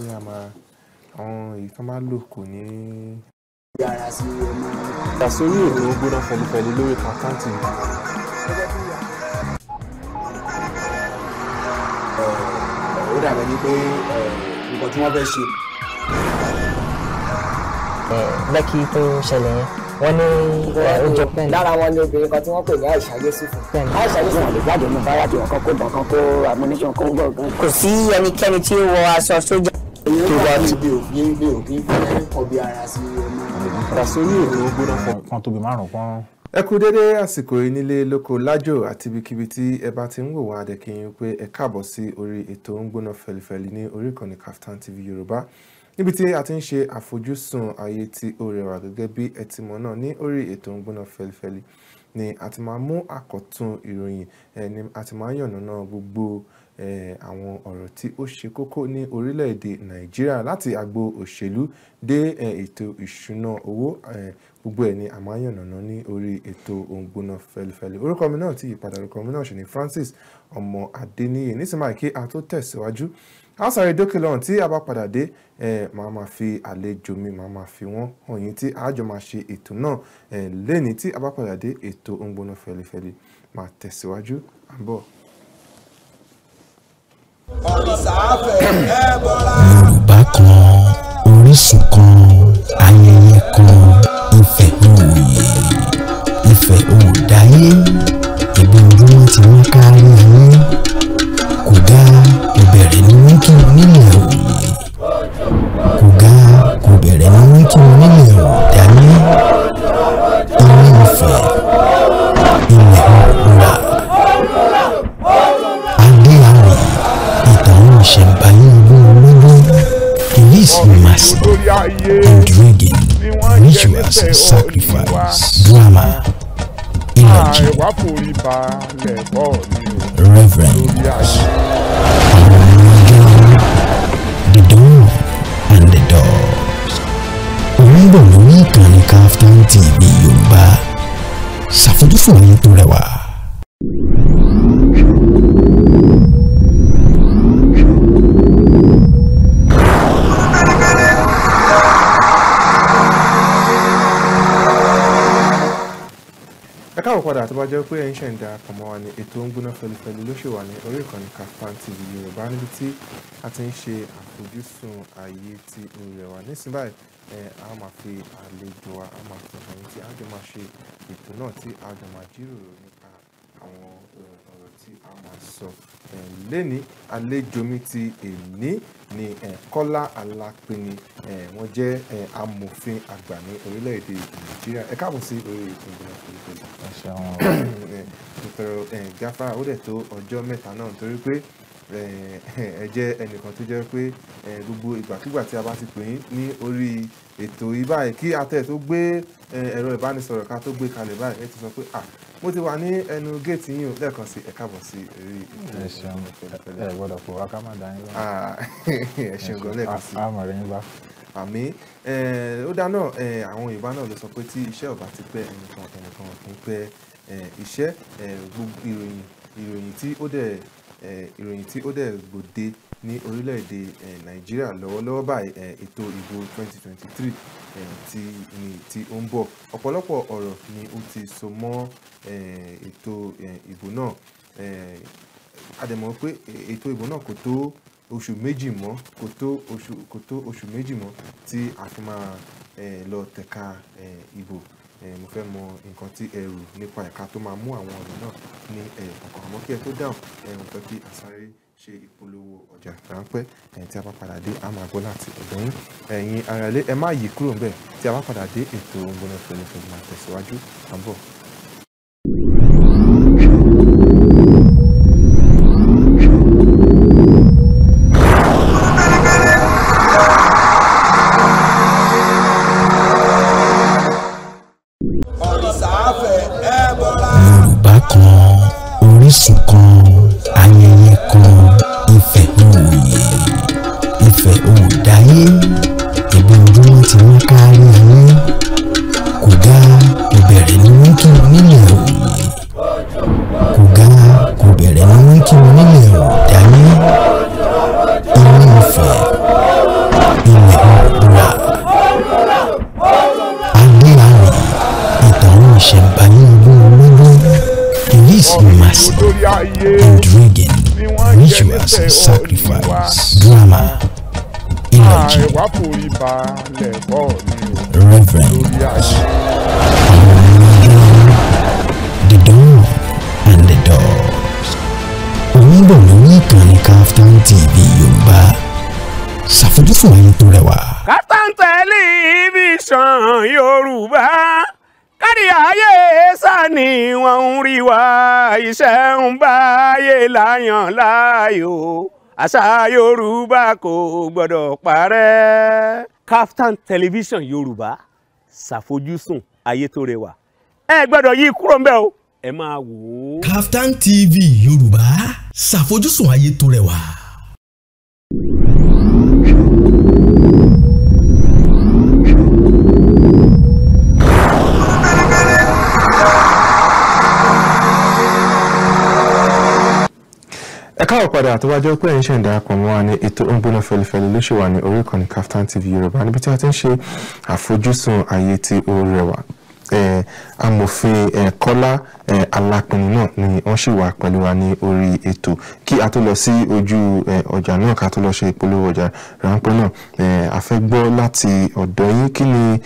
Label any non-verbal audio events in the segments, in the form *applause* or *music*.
pé a máa àwọn èyí tó bá lò kò ní. ìdásórí òkè ń gbóná pẹ̀lúpẹ̀lú lórí àkáǹtì ó dàbẹ̀ ni pé nǹkan tí wọ́n fẹ́ ṣe. lẹ́kì tó ṣẹlẹ̀ yẹn wọ́n ní ọjọ́ pẹ́ẹ́n. lára wọn ni obìnrin kan tí wọ́n pè ní àìsà yéṣùfù. àìsà yéṣùfù àlè jáde ní báyà tí wọ́n kọ́ kó bọ̀ kan kó amúníṣàn kó gbọ̀ gan. kò sí ẹnikẹ́ni tí ó wọ aṣọ sójà tó bá ti bí òfin gbé òfin fẹ́ ọbẹ̀ ara sí ọmọ. pàṣẹ yóò tó gbóná kan tóbi márùn pọ́n. ẹ kú dédé àsìkò yìí nílé lóko lájò àti ibikíbi tí ẹ bá ti ń wò wá adẹ́kẹ́yìn pé ẹ káàbọ̀ sí orí ètò ń gbóná ní orí ìkànnì Kaftan TV Yorùbá níbi tí a ti ń ṣe àfojúsùn ayé tí ó rẹwà gẹ́gẹ́ bí ẹ ti mọ̀ náà ní orí ètò ń gbóná fẹlifẹli ni a ti máa mú àkọ́tún ìròyìn ẹni a ti máa yànnàná gbogbo àwọn ọ̀rọ̀ tí ó ṣe kókó ní orílẹ̀-èdè nàìjíríà láti agbo òṣèlú dé ètò ìṣúná owó gbogbo ẹ̀ ni àmáyànnàná ní orí ètò òǹgbóná fẹlifẹli orúkọ mi náà ti ìpadà orúkọ mi náà ṣe ni Francis ọmọ adéníyè nísìnyí kí a tó tẹ̀síwájú a sáré dókè lọ́rùn tí a bá padà dé màá máa fi àlejò mi màá máa fi wọ́n hàn yín tí a jọ máa ṣe ètò náà lẹ́ni tí a bá padà dé ètò òǹgbóná fẹlifẹli máa tẹ̀síwájú àbọ̀. Yorùbá kan orísun kan ayẹyẹ kan ìfẹ́ náà. balẹ̀ bọ̀ ni o. Reverend the door and the doors. Òun bọ̀ lórí ìkànnì Kaftan TV Yorùbá. Ṣàfojúfò àwọn ń ṣẹ̀ ń darapọ̀ mọ́ wa ní ètò ń gbóná fẹlifẹli ló ṣe wà ní orí ìkànnì Kaftan TV Yorùbá níbi tí a ti ń ṣe àfojúsùn ààyè ti ilẹ̀ wa nísìnyí báyìí a máa fi àlejò wa a máa fi ọ̀hún tí a jọ máa ṣe ètò náà tí a jọ máa jíròrò nípa àwọn eh, ọ̀rọ̀ tí a máa sọ eh, lẹ́ni àlejò mi ti èní ni eh, Kọ́lá Alápinni wọ́n jẹ́ amòfin àgbà ní orílẹ̀-èdè Nàìjíríà ẹ káàbọ̀ sí orí ìpínlẹ̀ Èkó. *coughs* dr Gafara ó dẹ̀ tó ọjọ́ mẹ́ta náà nítorí pé ẹ jẹ́ ẹnìkan tó jẹ́ pé gbogbo ìgbàkigbà tí a bá ti pè yín ní orí ètò yìí báyìí kí atẹ́ tó gbé ẹ̀rọ ìbánisọ̀rọ̀ ká tó gbé kalẹ̀ báyìí ẹ ti sọ pé ah mo ti wà ní ẹnu géètì yìí o lẹ́ẹ̀kan sí ẹ káàbọ̀ sí orí ètò ìfẹ́lẹ́fẹ́lẹ́. ẹ gbọ́dọ̀ pò wá ká má dání lọ. Ah, *laughs* ẹ ṣeun gan lẹ́ẹ̀kan sí. àmọ̀ rẹ̀ ń bá. àmì ó dáná àwọn Yorùbá náà ló sọ pé tí iṣẹ́ ọ̀bá ti pẹ́ ẹnìkan ẹnìkan kì í pẹ́ iṣẹ́ gbogbo ìròyìn ìròyìn tí ó dẹ̀ ìròyìn tí ó dẹ̀ gbòde ní orílẹ̀-èdè eh, nàìjíríà lọ́wọ́lọ́wọ́ báyìí eh, ètò ìbò 2023 tí eh, ni tí ó ń bọ̀ ọ̀pọ̀lọpọ̀ ọ̀rọ̀ ni ó ti so mọ́ ètò ìbò náà a dẹ̀ mọ̀ pé ètò ìbò náà kò tó oṣù méjì mọ́ kò tó oṣù kò tó oṣù méjì mọ́ tí a fi máa lọ tẹ̀ka ìbò mo fẹ́ mọ nǹkan tí ẹ rò nípa ẹ̀ka tó máa mú àwọn ọ̀rọ̀ náà ní ẹ̀ẹ̀kọ̀ọ̀kan àmọ́ kí ẹ tó dáhùn ẹ mo fẹ́ kí àsáré ṣe ìpolówó ọjà ráńpẹ́ ẹ̀yin tí a bá padà dé a máa gbọ́ láti ọ̀dọ̀ yín ẹ̀yin ará ilé ẹ má yí kúrò ńbẹ̀ tí a bá padà dé ètò òǹgbọ́nà fẹlẹ́fẹlẹ́ máa tẹ̀síwájú àbọ̀. you. fún irun tó rẹwà. Kaftan Television Yorùbá kárí ayé sá ni ń rí wa iṣẹ́ ń bá ayé láyàn láàyò àṣà Yorùbá kò gbọ́dọ̀ parẹ́. Kaftan Television Yorùbá ṣàfojúsùn ayé tó rẹwà ẹ gbọ́dọ̀ yí kúrò ń bẹ̀ o ẹ máa wò ó. Kaftan TV Yorùbá ṣàfojúsùn ayé tó rẹwà. ẹ káàbọ̀ padà tó bá jẹ́ pé ẹ̀yin ṣe ń darapọ̀ mọ́ wa ní ètò ó ń gbóná fẹlifẹli ló ṣe wà ní orí ìkànnì Kaftan TV Yorùbá níbi tí a ti ń ṣe àfojúsùn ayé tí ó rẹwà amòfin Kọ́lá Alápinni náà ni wọ́n sì wà pẹ̀lú wa ní orí ètò kí a tó lọ sí ojú ọjà náà ká tó lọ ṣe ìpolówó ọjà ráńpẹ́ náà a fẹ́ gbọ́ láti ọ̀dọ̀ yín kí ni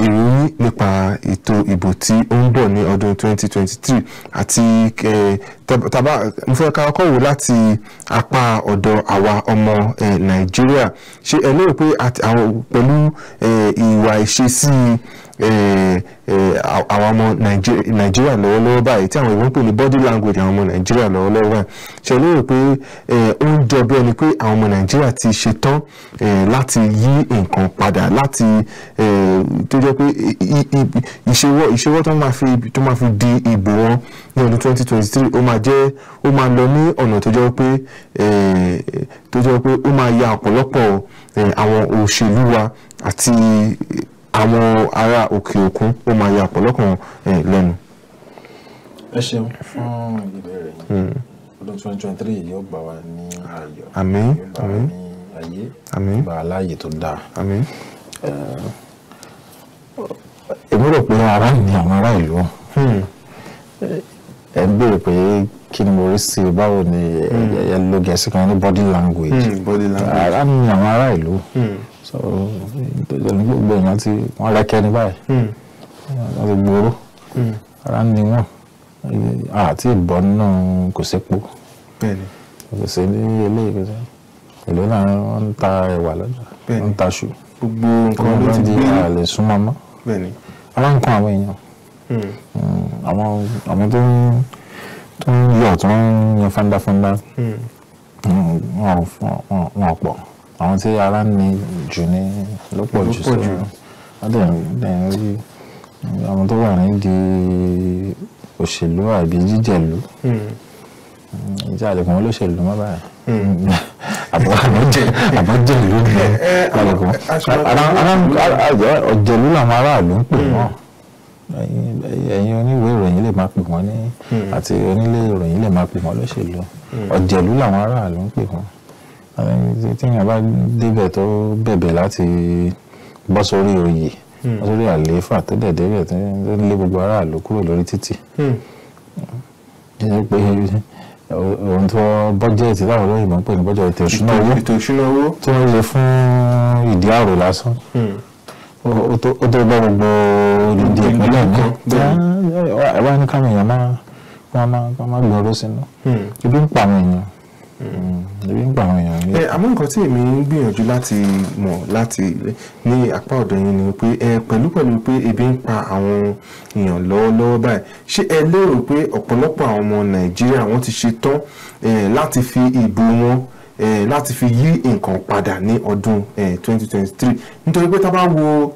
ìròyìn nípa ètò ìbò tí ó ń bọ̀ ní ọdún 2023 àti tàbá mo fẹ́ ká kọ́wò láti apá ọ̀dọ̀ àwa ọmọ nàìjíríà ṣé ẹ lérò pé àwọn pẹ̀lú ìwà ìṣesí Eh, eh, àwọn ọmọ nàìjíríà lọ́wọ́lọ́wọ́ báyìí tí àwọn ìwọ́n pè ní body language àwọn ọmọ nàìjíríà lọ́wọ́lọ́wọ́ báyìí ṣe lérò pé ó ń jọ bí ẹni pé àwọn ọmọ nàìjíríà ti ṣetán eh, láti yí nǹkan padà láti tó jẹ́ pé ìṣèwọ́ tó máa fi di ìbò wọn ní ọdún 2023 ó máa jẹ́ ó máa lọ ní ọ̀nà tó jẹ́ pé tó jẹ́ pé ó máa ya ọ̀pọ̀lọpọ̀ àwọn òṣèlú wa àti àwọn ará òkè òkun ó máa ya ọ̀pọ̀lọpọ̀ lẹ́nu. ẹ ṣeun fún ìbéèrè yìí hmm. ọdún twenty twenty three yìí ó gbà wá ní ayọ̀ àmín àmín ayé àmín gbà á láàyè tó dáa àmín. èmi rò pé ará ni àwọn ará ìlú hmm. ẹ ń béèrè pé kí ni mo rí sí i báwo ni hmm. ẹ ló gẹ̀ẹ́sì kan ní body language ara ni àwọn ará ìlú. Mm so ìtọ́jọ́ni gbogbo èèyàn ti wọ́n rẹ́kẹ́ ní báyìí hmm. wọ́n ti gbòòrò hmm. ara ni wọ́n àti ìbọn náà kò sépo kò sí ní ilé ìgbésẹ̀ ìlú náà wọ́n ń ta ẹ̀wà lọ́jà wọ́n ń ta ṣù gbogbo nǹkan ló ti gbé àlè súnmọ́ mọ́ ara ń kan àwọn èèyàn hmm. àwọn àwọn tó ń tó ń yọ̀ tó ń yan fandafanda wọn ò pọ̀ àwọn tí ara ní jù ní ló pọ̀ jù sọ wọ́n dẹ̀ ń rí àwọn tó wà nídìí òṣèlú àbí jíjẹ̀lú hmm. Hmm, ìjà àlèkùn wọn lóṣèlú mọ́ báyìí hmm. *laughs* àbọ̀ àbọ̀jẹ̀ àbọ̀jẹ̀lú ni eh, eh, àlèkùn ọ̀jẹ̀lú làwọn aráàlú ń pè wọ́n ẹ̀yin oníwèé ìròyìn lè máa pè wọ́n ní àti onílé ìròyìn lè máa pè wọ́n lóṣèlú ọ̀jẹ̀lú làwọn aráàlú ń pè wọ́n téèyàn bá débẹ̀ tó bẹ̀bẹ̀ láti bọ́ sórí oyè hmm. bọ́ sórí àlééfà tó dẹ̀ débẹ̀ tó lé gbogbo aráàlú kúrò lórí títì hmm. pé ohun tó bọ́jẹ̀tì láwọn olóyìnbó ń pè ní bọ́jẹ̀tì ètò ìṣúná owó ètò ìṣúná owó tó ń lè fún ìdí àrò lásán hmm. ó tó bá gbogbo olùdí ìpínlẹ̀ náà wá ní káwọn èèyàn máa gbọ́rọ̀ sínú ibi ń pa àwọn èèyàn ebi ń gba àwọn èèyàn ní. ẹ àmọ́ nǹkan tí èmi ń gbìyànjú láti mọ̀ láti ní apá ọ̀dọ̀ yín ni pé ẹ pẹ̀lú pẹ̀lú pé ebi ń pa àwọn èèyàn lọ́wọ́lọ́wọ́ báyìí ṣé ẹ lérò pé ọ̀pọ̀lọpọ̀ àwọn ọmọ nàìjíríà wọ́n ti ṣe tán láti fi ìbò wọn láti fi yí nǹkan padà ní ọdún 2023 nítorí pé tá wo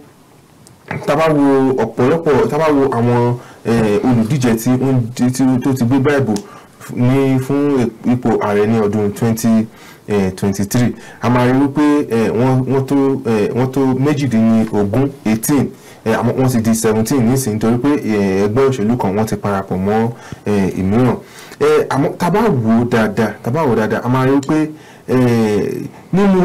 ọ̀pọ̀lọpọ̀ tá wo àwọn olùdíje tí ti gbé báìbò ní fún ipò ààrẹ ní ọdún 2023 a máa rí wípé wọ́n tó méjìdínlógún 18 àmọ́ wọ́n ti di seventeen nísìnyí nítorí pé ẹgbẹ́ òṣèlú kan wọ́n ti parapọ̀ mọ́ ìmíràn àmọ́ tábà wò dáadáa tábà wò dáadáa a máa rí pé nínú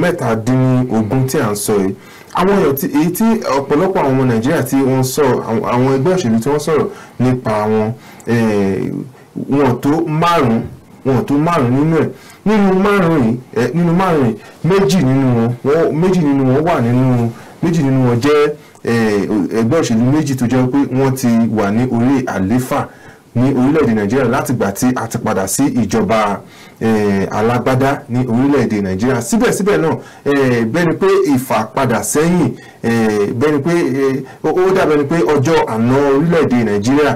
mẹ́tàdínlógún tí à ń sọ yìí àwọn èèyàn tí èyí tí ọ̀pọ̀lọpọ̀ àwọn ọmọ Nàìjíríà tí wọ́n sọ àwọn ẹgbẹ́ òṣèlú tí wọ́n sọ̀rọ̀ nípa wọn wọn tó márùn wọn tó márùn nínú ẹ̀ nínú márùn yìí ẹ nínú márùn yìí méjì nínú wọn méjì nínú wọn wà nínú wọn jẹ́ ẹgbẹ́ òṣèlú méjì tó jẹ́ pé ti wà ní orí àléfà ní orílẹ̀-èdè nàìjíríà látìgbà tí a ti padà sí ìjọba alágbádá ní orílẹ̀-èdè nàìjíríà síbẹ̀síbẹ̀ náà bẹ́ẹ̀ ni pé ìfàpadà sẹ́yìn bẹ́ẹ̀ ni pé ó dàbẹ̀ ni pé ọjọ́ àná orílẹ̀-èdè nàìjíríà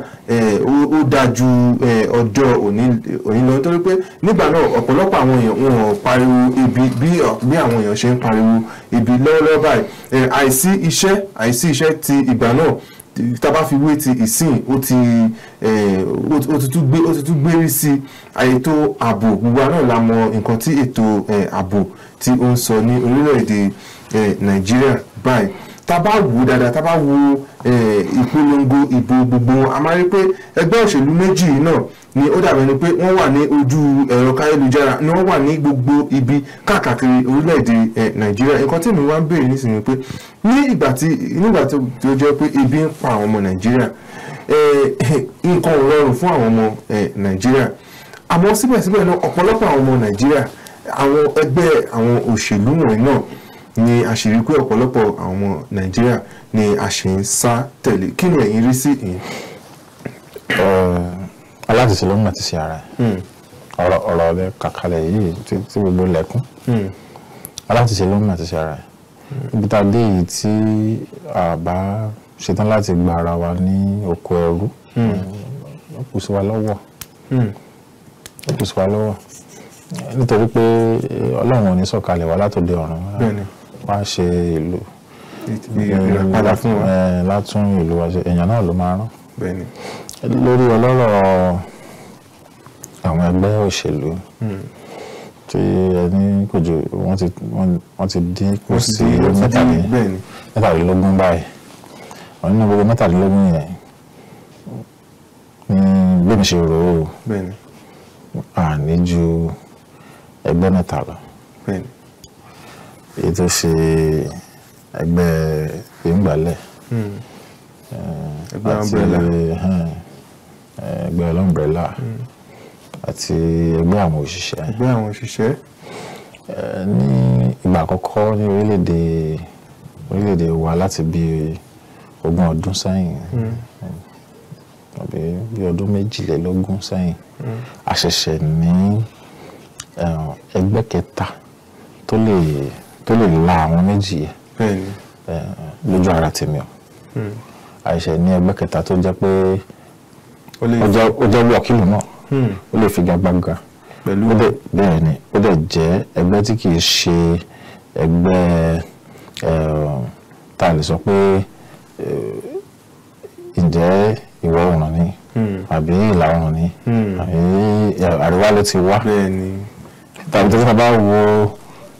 ó dáa ju ọjọ́ òní lọ nítorí pé nígbà náà ọ̀pọ̀lọpọ̀ àwọn èèyàn wọn ò pariwo ibi bí àwọn èèyàn ṣe ń pariwo ebi lọ́wọ́lọ́wọ́ báyìí àìsí iṣẹ́ àìsí iṣẹ́ ti ìgbà náà tá a bá fi wé ti ìsìn ó ti ó ti tún gbé ó ti tún gbérí sí ètò ààbò gbogbo àná la mọ nǹkan tí ètò ààbò tí ó ń sọ ní orílẹ̀-èdè nàìjíríà báyìí Taba wò dáadáa taba wu ìpolongo ìbò gbogbo a máa rí pé ẹgbẹ́ òṣèlú méjì náà ni ó dàbẹ̀ ni pé wọ́n wà ní ojú ẹ̀rọ káyélujára ni wọ́n wà ní gbogbo ibi káàkiri orílẹ̀-èdè nàìjíríà nǹkan tí mi wá ń béèrè nísìnyí pé ní ìgbà tí nígbà tí ó jẹ́ pé ebi ń pa àwọn ọmọ nàìjíríà nǹkan ò rọrùn fún àwọn ọmọ nàìjíríà àmọ́ síbẹ̀síbẹ̀ náà ọ̀pọ̀lọpọ̀ àwọn ọmọ nàìjíríà àwọn ẹgbẹ́ àwọn òṣèlú wọ̀nyí náà ni a sì rí pé ọ̀pọ̀lọpọ̀ àwọn nàìjíríà ni a sì ń sá tẹ̀lé kí ni ẹ̀yin rí sí ìyẹn. aláṣẹṣe ló ń nàti ṣe ara ẹ̀ hmm. ọ̀rọ̀ ọ̀rọ̀ ọ̀bẹ kàkàlẹ̀ yìí tí gbogbo lẹ́kún hmm. aláṣẹṣe ló ń nàti ṣe ara ẹ̀ hmm. ibi tá a dé yìí tí a bá ṣetán láti gba ara wa ní oko ẹrú kò sí sí wa lọ́wọ́ nítorí pé eh, ọlọ́run ò ní sọ̀kalẹ̀ wá látòde ọ̀run wá ṣe ìlú ìrẹ̀padà fún wa látún ìlú wa ṣe èèyàn náà ló máa rán lórí ọlọ́rọ̀ àwọn ẹgbẹ́ òṣèlú hmm. tí ẹni kò jù wọ́n ti dín kù sí mẹ́tàlélógún báyìí wọ́n nínú gbogbo mẹ́tàlélógún yẹn ní bẹ́ẹ̀ni ṣe rò ó àní ju ẹgbẹ́ mẹ́ta lọ èyí tó ṣe ẹgbẹ́ ìgbàlẹ̀ hmm. eh, àti hmm, eh, ẹgbẹ́ ọlọ́mbrẹ́là hmm. àti ẹgbẹ́ àwọn òṣìṣẹ́. ẹgbẹ́ àwọn òṣìṣẹ́. Eh, ní ìgbà àkọ́kọ́ ní orílẹ̀-èdè orílẹ̀-èdè wa láti bí ogún ọdún sẹ́yìn àbí bí ọdún méjìlélógún sẹ́yìn a ṣẹ̀ṣẹ̀ ní ẹgbẹ́ kẹta tó lè tó lè la àwọn méjì yẹn lójú ara tèmi o hmm. àìṣe ní ẹgbẹ́ kẹta tó jẹ́ pé ó jẹ́ wọ́ọ̀kìlù náà hmm. ó lè figagbága pẹ̀lú bẹ́ẹ̀ ni ó dẹ̀ jẹ́ ẹgbẹ́ tí kì í ṣe ẹgbẹ́ tá a lè sọ pé ǹjẹ́ ìwọ oòrùn ni hmm. àbí ìlà oòrùn ni àbí àríwá ló ti wá tàbí tí bá wo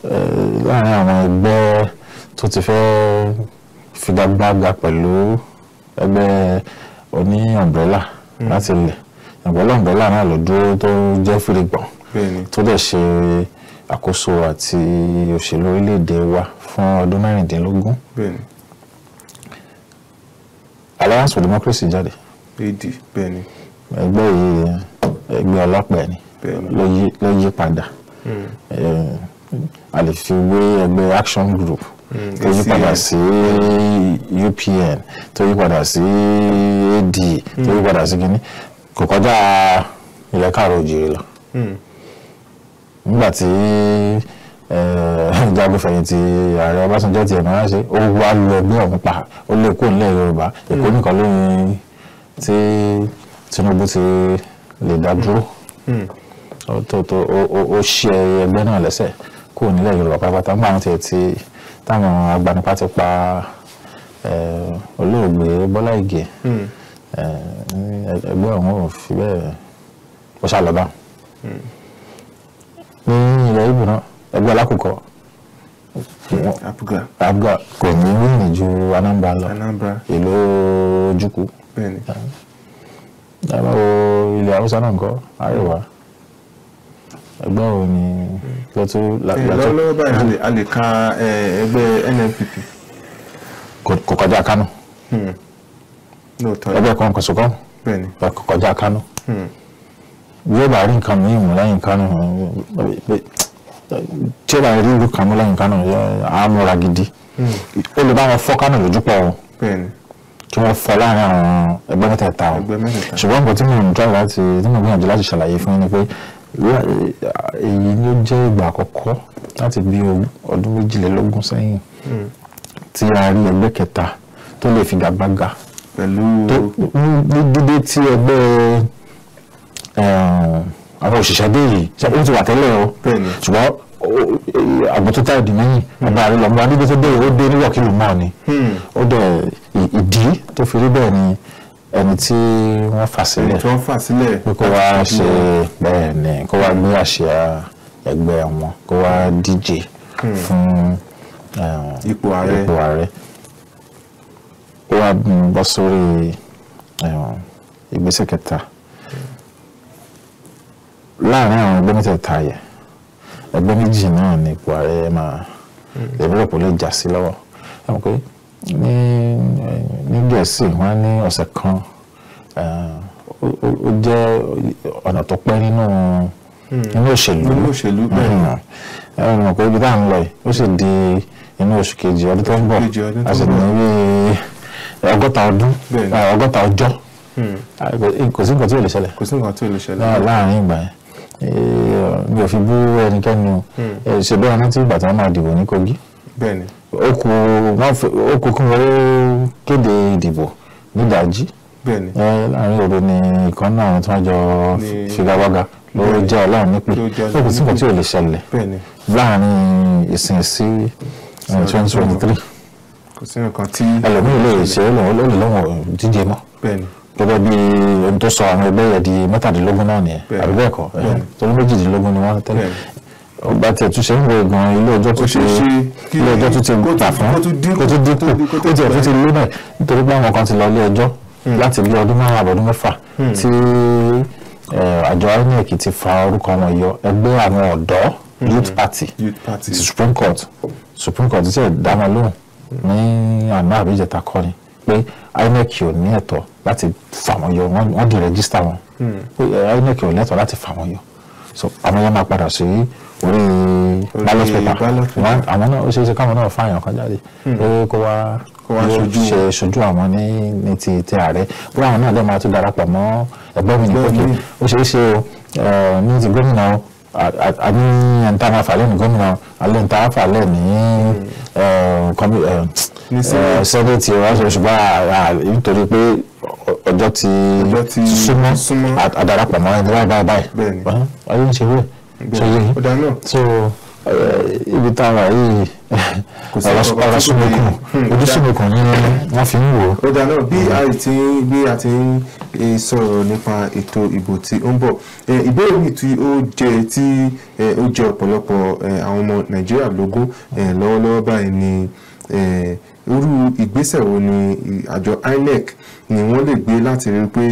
láàrin àwọn ẹgbẹ́ tó ti fẹ́ figagbága pẹ̀lú ẹgbẹ́ oní ọ̀mbrẹ́là hmm. láti ilẹ̀ ọ̀mbrẹ́là ọ̀mbrẹ́là náà ló dúró tó jẹ́ fìrìgbọ̀n tó dẹ̀ ṣe àkóso àti òṣèlú orílẹ̀-èdè wa fún ọdún mẹ́rìndínlógún alliance for democracy jáde. ad bẹ́ẹ̀ni. ẹgbẹ́ yìí ẹgbẹ́ ọlọ́pàá ẹni ló yí padà. Hmm a lè fi wé ẹgbẹ́ action group hmm, tó yí padà sí UPN tó yí padà sí AD tó yí padà sí kínní kò kọjá ilẹ̀ káàrọ̀ òjìrì lọ hmm. nígbà tí jagunfẹ̀yìntì ààrẹ Ọbásanjọ́ tiẹ̀ máa ń ṣe ó wá lọ ẹgbẹ́ ọ̀hún pa ó lè kó nílẹ̀ Yorùbá hmm. Èkó nìkan ló ń tí Tinubu ti lè dá dúró tó tó ó ṣe ẹgbẹ́ náà lẹ́sẹ̀ kúrò nílẹ̀ yorùbá pátápátá nígbà tí ti táwọn agbanipa ti pa olóògbé bọ́lá ìgè ẹgbẹ́ ọ̀hún ò fi bẹ́ẹ̀ ó ṣàlọ́bà ní ilẹ̀ ibo náà ẹgbẹ́ alákòókò abuga kò ní rìnrìn ju anambra lọ ìlú ojúkú dábàá wo ilẹ̀ haúsá náà ń kọ́ àríwá. Mm ẹgbẹ́ òun ni lọ́tún làjọ. Eh, lọ́wọ́lọ́wọ́ báyìí a lè ka eh, ẹgbẹ́ NNPP. kò kọjá kánò. Hmm. ẹgbẹ́ kan kò sókàn kò kọjá kánò. Hmm. yóò bá rí nǹkan mìíràn mú lẹ́yìn kánò tí ó bá rí irú kan mú lẹ́yìn kánò á múra gidi. Hmm. ó lè bá wọn fọ́ kánò lójú pọ̀ o tí wọ́n fọ́ láàrin àwọn ẹgbẹ́ mẹ́tẹ̀ẹ̀ta o ṣùgbọ́n nǹkan tí mo ń jọ láti tí mo gbìyànjú láti ṣàlàyé fún yín ni pé èyí ló jẹ́ ìgbà àkọ́kọ́ láti bí ọdún méjìlélógún sẹ́yìn hmm. tí a rí ẹgbẹ́ kẹta tó lè figagbága pẹ̀lú ní dídé tí ẹgbẹ́ eh, àwọn òṣìṣẹ́ dé yìí ó ti wà tẹ́lẹ̀ o ṣùgbọ́n àgbọ̀tọ́tà ìdí mẹ́yìn ọba àrẹ lọ́mọ adébẹ́tẹ́ bẹ́ẹ̀ ó dé níwọ̀kìlù mọ́ ni hmm. ó dẹ̀ ìdí tó fi rí bẹ́ẹ̀ ni ẹni tí wọ́n fà sílẹ̀ ẹni tí wọ́n fà sílẹ̀ pé kó wá ṣe bẹ́ẹ̀ ni kó wá gbé àṣà ẹgbẹ́ wọn kó wá díje hmm. fún eh, ipò ààrẹ ó wá bọ́ sórí eh, ìgbésẹ̀ kẹta láàrin àwọn ẹgbẹ́ mẹ́tẹ̀ẹ̀ta yẹ ẹgbẹ́ méjì náà ni ipò ààrẹ máa hmm. lè rẹ̀ kó lè jà sí lọ́wọ́ ẹ̀ mọ̀ pé ní ní gẹ̀ẹ́sì wọ́n ní ọ̀sẹ̀ kan ó jẹ́ ọ̀nà tó pẹ́ nínú hmm. inú òṣèlú inú òṣèlú hmm. bẹ́ẹ̀ náà ẹ̀rọ ìmọ̀ pé ibi tá à ń lọ yìí ó sì di inú oṣù kejì ọdún tó ń bọ̀ a sì ní bí ọgọ́ta ọdún ọgọ́ta ọjọ́ hmm. kò sí nǹkan tí ò lè ṣẹlẹ̀ kò sí nǹkan tí ò lè ṣẹlẹ̀ láàárín ìgbà yẹn mi ò fi bú ẹnikẹ́ni o ṣèbí ọ̀nà tí ìgbà tí wọ́n máa dìbò ní Kogi bẹ́ẹ̀ ni ó kù ó kù kí wọ́n kéde ìdìbò nídàájí láàrin òru ni ìkan náà tí wọ́n jọ figagbága ló jẹ́ ọlọ́run nípè ó kù sípò tí ò lè ṣẹlẹ̀ láàrin ìsìn sí twenty twenty three ẹlòmíì lè ṣe lòun lòun díje mọ́ gẹ́gẹ́ bí ohun tó sọ àwọn ẹgbẹ́ yẹn di mẹ́tàdínlógún náà nìyẹn àbí bẹ́ẹ̀ kọ́ tó ní méjìdínlógún ni wọ́n tẹ́lẹ̀ ọba tẹ̀ tún ṣe ń wọ gan ilé ọjọ́ tó ṣe ilé ọjọ́ tó ti tà fún kó tún dínkù kó tiẹ̀ tún ti lé náà nítorí pé àwọn kan ti lọ ilé ọjọ́ hmm. láti ilé ọdún márùn àbọ̀dún mẹ́fà hmm. tí àjọ INEC ti fa orúkọ wọn yọ ẹgbẹ́ àwọn ọ̀dọ́ hmm. youth party ti supreme court supreme court ti dá wọn lóhùn ní àná àbíjẹta kọ́ ni pé INEC ò ní ẹ̀tọ́ láti fà wọ́n yọ wọ́n di rẹ́gísítà wọn INEC ò lẹ́tọ̀ọ́ láti fà wọ́n yọ so àwọn yẹn máa padà sí orí ballot paper àwọn náà ó ṣeé ṣe káwọn náà fààyàn kan jáde hmm. pé kó wá ṣe ṣojú àwọn ní ní ti ti ààrẹ bóyá àwọn náà lè máa tún darapọ̀ mọ́ ẹgbẹ́ mi ní pé ó ṣeé ṣe o ní ti gómìnà o àní ẹ̀ńtà máa fà lẹ́nu gómìnà nítorí pé ọjọ́ ti súnmọ́ àdarapọ̀ mọ́ ẹni báyìí báyìí báyìí ọdún ṣe wẹ̀. Oh, so ibi tá a wà yìí ọ̀rọ̀ sunukun ojúsunukun ni wọ́n fi ń wò. ó dáná bí a ti ń bí a ti ń e, sọ̀rọ̀ nípa ètò ìbò tí ó ń bọ̀ e, ìbéèrè mi tí ó jẹ́ tí e, ó jẹ́ ọ̀pọ̀lọpọ̀ àwọn ọmọ nàìjíríà lógún lọ́wọ́lọ́wọ́ báyìí ni irú ìgbésẹ̀ wo ni àjọ INEC ni wọ́n lè gbé láti rí pé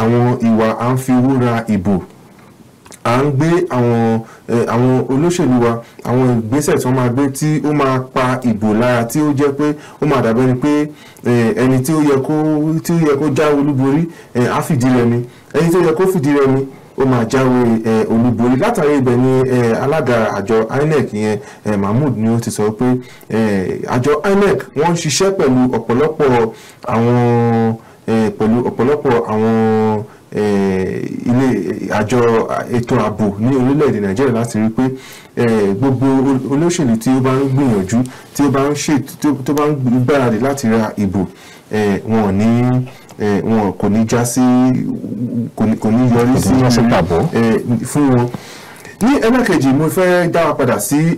àwọn ìwà à ń fi wúra ìbò à ń gbé àwọn àwọn olóṣèlú wa àwọn ìgbésẹ̀ tí wọ́n máa gbé tí ó máa pa ìbò lára tí ó jẹ́ pé ó máa dàbẹ́ ni pé ẹni tí ó yẹ kó tí ó yẹ kó jáwé olúborí á fìdí rẹmi ẹni tí ó yẹ kó fìdí rẹmi ó máa jáwé olúborí látàrí ibẹ̀ ni alága àjọ INEC yẹn Mahmood ni ó ti sọ pé àjọ INEC wọ́n ń ṣiṣẹ́ pẹ̀lú ọ̀pọ̀lọpọ̀ àwọn pẹ̀lú ọ̀pọ̀lọpọ̀ àwọn ilé àjọ ètò ààbò ní orílẹ̀-èdè nàìjíríà láti rí pé gbogbo olóṣèlú tí ó bá ń gbìyànjú tí ó bá ń ṣe tó bá ń gbáradì láti ra ìbò wọn ní wọn kò ní já sí kò ní yọrí sí fún wọn ní ẹlẹ́kejì mo fẹ́ dára padà sí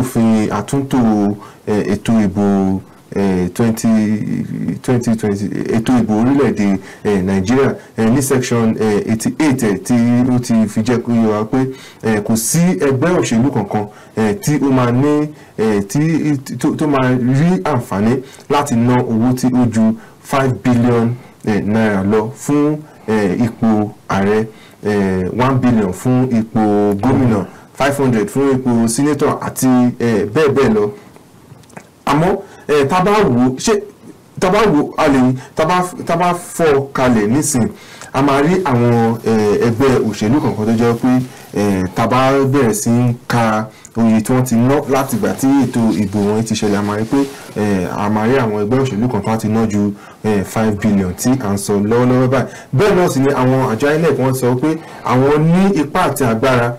òfin àtúntò ètò ìbò. Eh, twenty twenty twenty ètò ìbò orílẹ̀-èdè eh, nàìjíríà eh, ní section eighty eight tí ó ti fi jẹ́ kó yé wa pé kò sí ẹgbẹ́ òṣèlú kankan tí ó máa ní tí tó máa rí àǹfààní láti ná owó tí ó ju five billion naira lọ fún ipò ààrẹ one billion fún ipò gómìnà five hundred fún ipò senator àti bẹ́ẹ̀ bẹ́ẹ̀ lọ àmọ́ ẹ̀ tá bá wò ṣé taba bá wò a lè tá bá fọ́ kalẹ̀ nísìn a máa rí àwọn ẹgbẹ́ òṣèlú kankan tó jẹ́ pé tá bá bẹ̀rẹ̀ sí ń ka oyè tí wọ́n ti ná láti ìgbà tí ètò ìbò wọn ti ṣẹlẹ̀ a máa rí pé a máa rí àwọn ẹgbẹ́ òṣèlú kankan ti ná ju five billion tí à ń sọ lọ́wọ́lọ́wọ́ báyìí bẹ́ẹ̀ náà sì ni àwọn àjọ INEC wọ́n sọ pé àwọn ní ipá àti agbára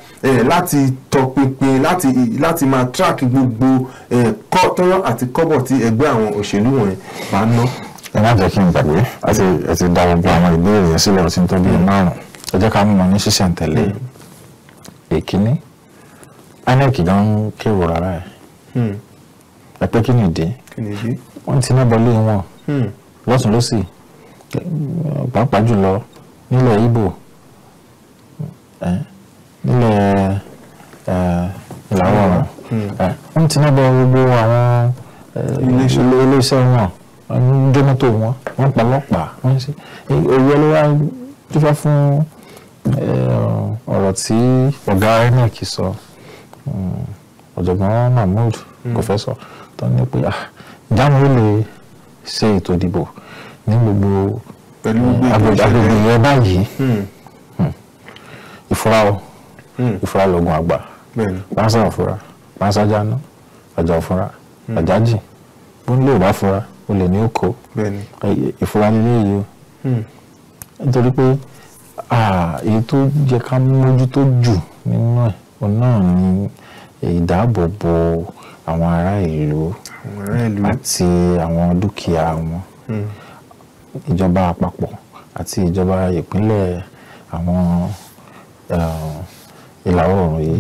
láti tọpinpin láti láti máa track gbogbo tọ́rọ̀ àti kọ́bọ̀ tí ẹgbẹ́ àwọn òṣèlú wọ̀nyẹn bá ń ná. ẹ má jẹ́ kí n gbàgbé àti ẹ ti dá gbogbo àwọn ìbéèrè yẹn sílẹ̀ ọtí tó bíi márùn-ún ẹ jẹ́ ká mú wọn ní ṣísẹ̀ntẹ̀lé èkíní INEC gan ń kéwò rárá ẹ hmm. ẹ pé kí nìdí wọ́n ti ná bọ́lé wọn. Hmm lọ́sùn lọ́sì pàápàá jùlọ nílẹ̀ Ìgbò nílẹ̀ ìlà oòrùn hmm. wọ́n ti náà bẹ gbogbo àwọn iléeṣẹ́ wọn ń jómọ́tò wọn wọ́n pa ọlọ́pàá wọ́n sí òye ló wá tó fẹ́ fún ọ̀rọ̀ tí ọ̀gá inec sọ ọ̀jọ̀gbọ́n Mahmood kò fẹ́ sọ tó ní pé jáwọn ó lè sí ètò ìdìbò ní gbogbo eh, agbègbè yẹn báyìí hmm. Hmm. ìfura o hmm. ìfura lóògùn àgbà pánsá òfura pánsá jáná ọjà òfura àjájì bó ń lè bá fura o lè ní oko eh, ìfura ni ní èyí o nítorí pé èyí tó yẹ ká mójútó jù nínú ẹ̀ òun náà ni ìdáàbòbò àwọn ará ìlú àti àwọn dúkìá wọn hmm. ìjọba àpapọ̀ àti ìjọba ìpínlẹ̀ àwọn eh, ìlà oòrùn yìí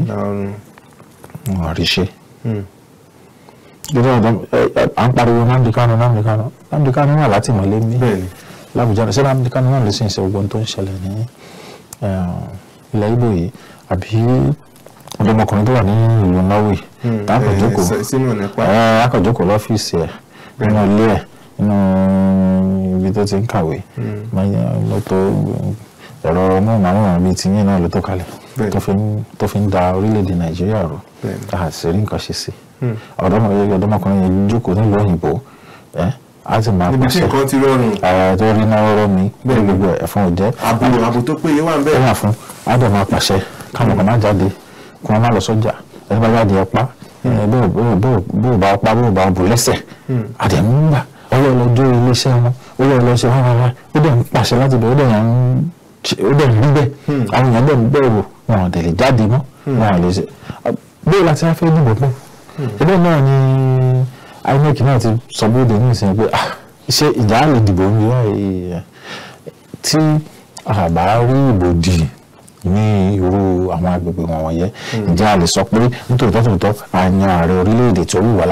wọn rí ṣe. Hmm. Eh, à ń pariwo Nnamdi Kanu Nnamdi Kanu Nnamdi Kanu wà látìmọ́lé ní l'Àbújá ṣé Nnamdi Kanu náà lè ṣe ìṣe ogun tó ń ṣẹlẹ̀ ní eh, ilẹ̀ Ìgbò yìí àbí ọ̀dọ́mọkùnrin tó wà ní ìlú Norway hmm, tá eh, eh, a kàn jókòó lọ́fíìsì ẹ̀ nínú ilé ẹ̀ nínú ibi tó ti ń kàwé hmm. mo tó ẹ̀rọ mọ́ọ̀mọ́ọ̀rán bíi tiyín náà ló tó kalẹ̀ tó fi ń da orílẹ̀-èdè Nàìjíríà rú àti rí nǹkan ṣe sí hmm. ọ̀dọ́mọkùnrin yẹn jókòó nílùú òyìnbó eh, a sì máa pàṣẹ níbi tí nǹkan ti rọrùn ẹ tó rí náà rọ mi pé gbogbo ẹ̀fọn ò àbò tó péye wà ń bẹ́ẹ̀ wà fún a dẹ̀ máa pàṣẹ káwọn kan máa jáde kó má lọ sọ́jà ẹ bá jáde ẹ pa bó o bá pa bó o bá bù lẹ́sẹ̀ àdẹ̀múgbà ọyọ ọlọ́jọ́ iléeṣẹ́ wọn ọyọ ọlọ́ṣẹ́ wọn rárá ó dẹ̀ ń pàṣẹ láti bẹ̀ ó dẹ̀ ń ó dẹ̀ ń rí bẹ́ẹ̀ àwọn èèyàn dẹ̀ ń bẹ̀rù wọn ò tẹ̀lé jáde mọ́ wọn ò lè ṣe bóyá láti wá fẹ́ dìbò pẹ́ ẹgbẹ́ náà ni INEC náà ti sọ bí ó dé ní ìsìn pé ah, ṣé ìjà lè dìbò ń yọ tí àbá rí ìbò dì ní irú àwọn agbègbè wọ̀nyẹn yẹn hmm. ǹjẹ́ a lè sọ pé nítòótọ́ tòótọ́ a yan ààrẹ orílẹ̀-èdè tó wù wá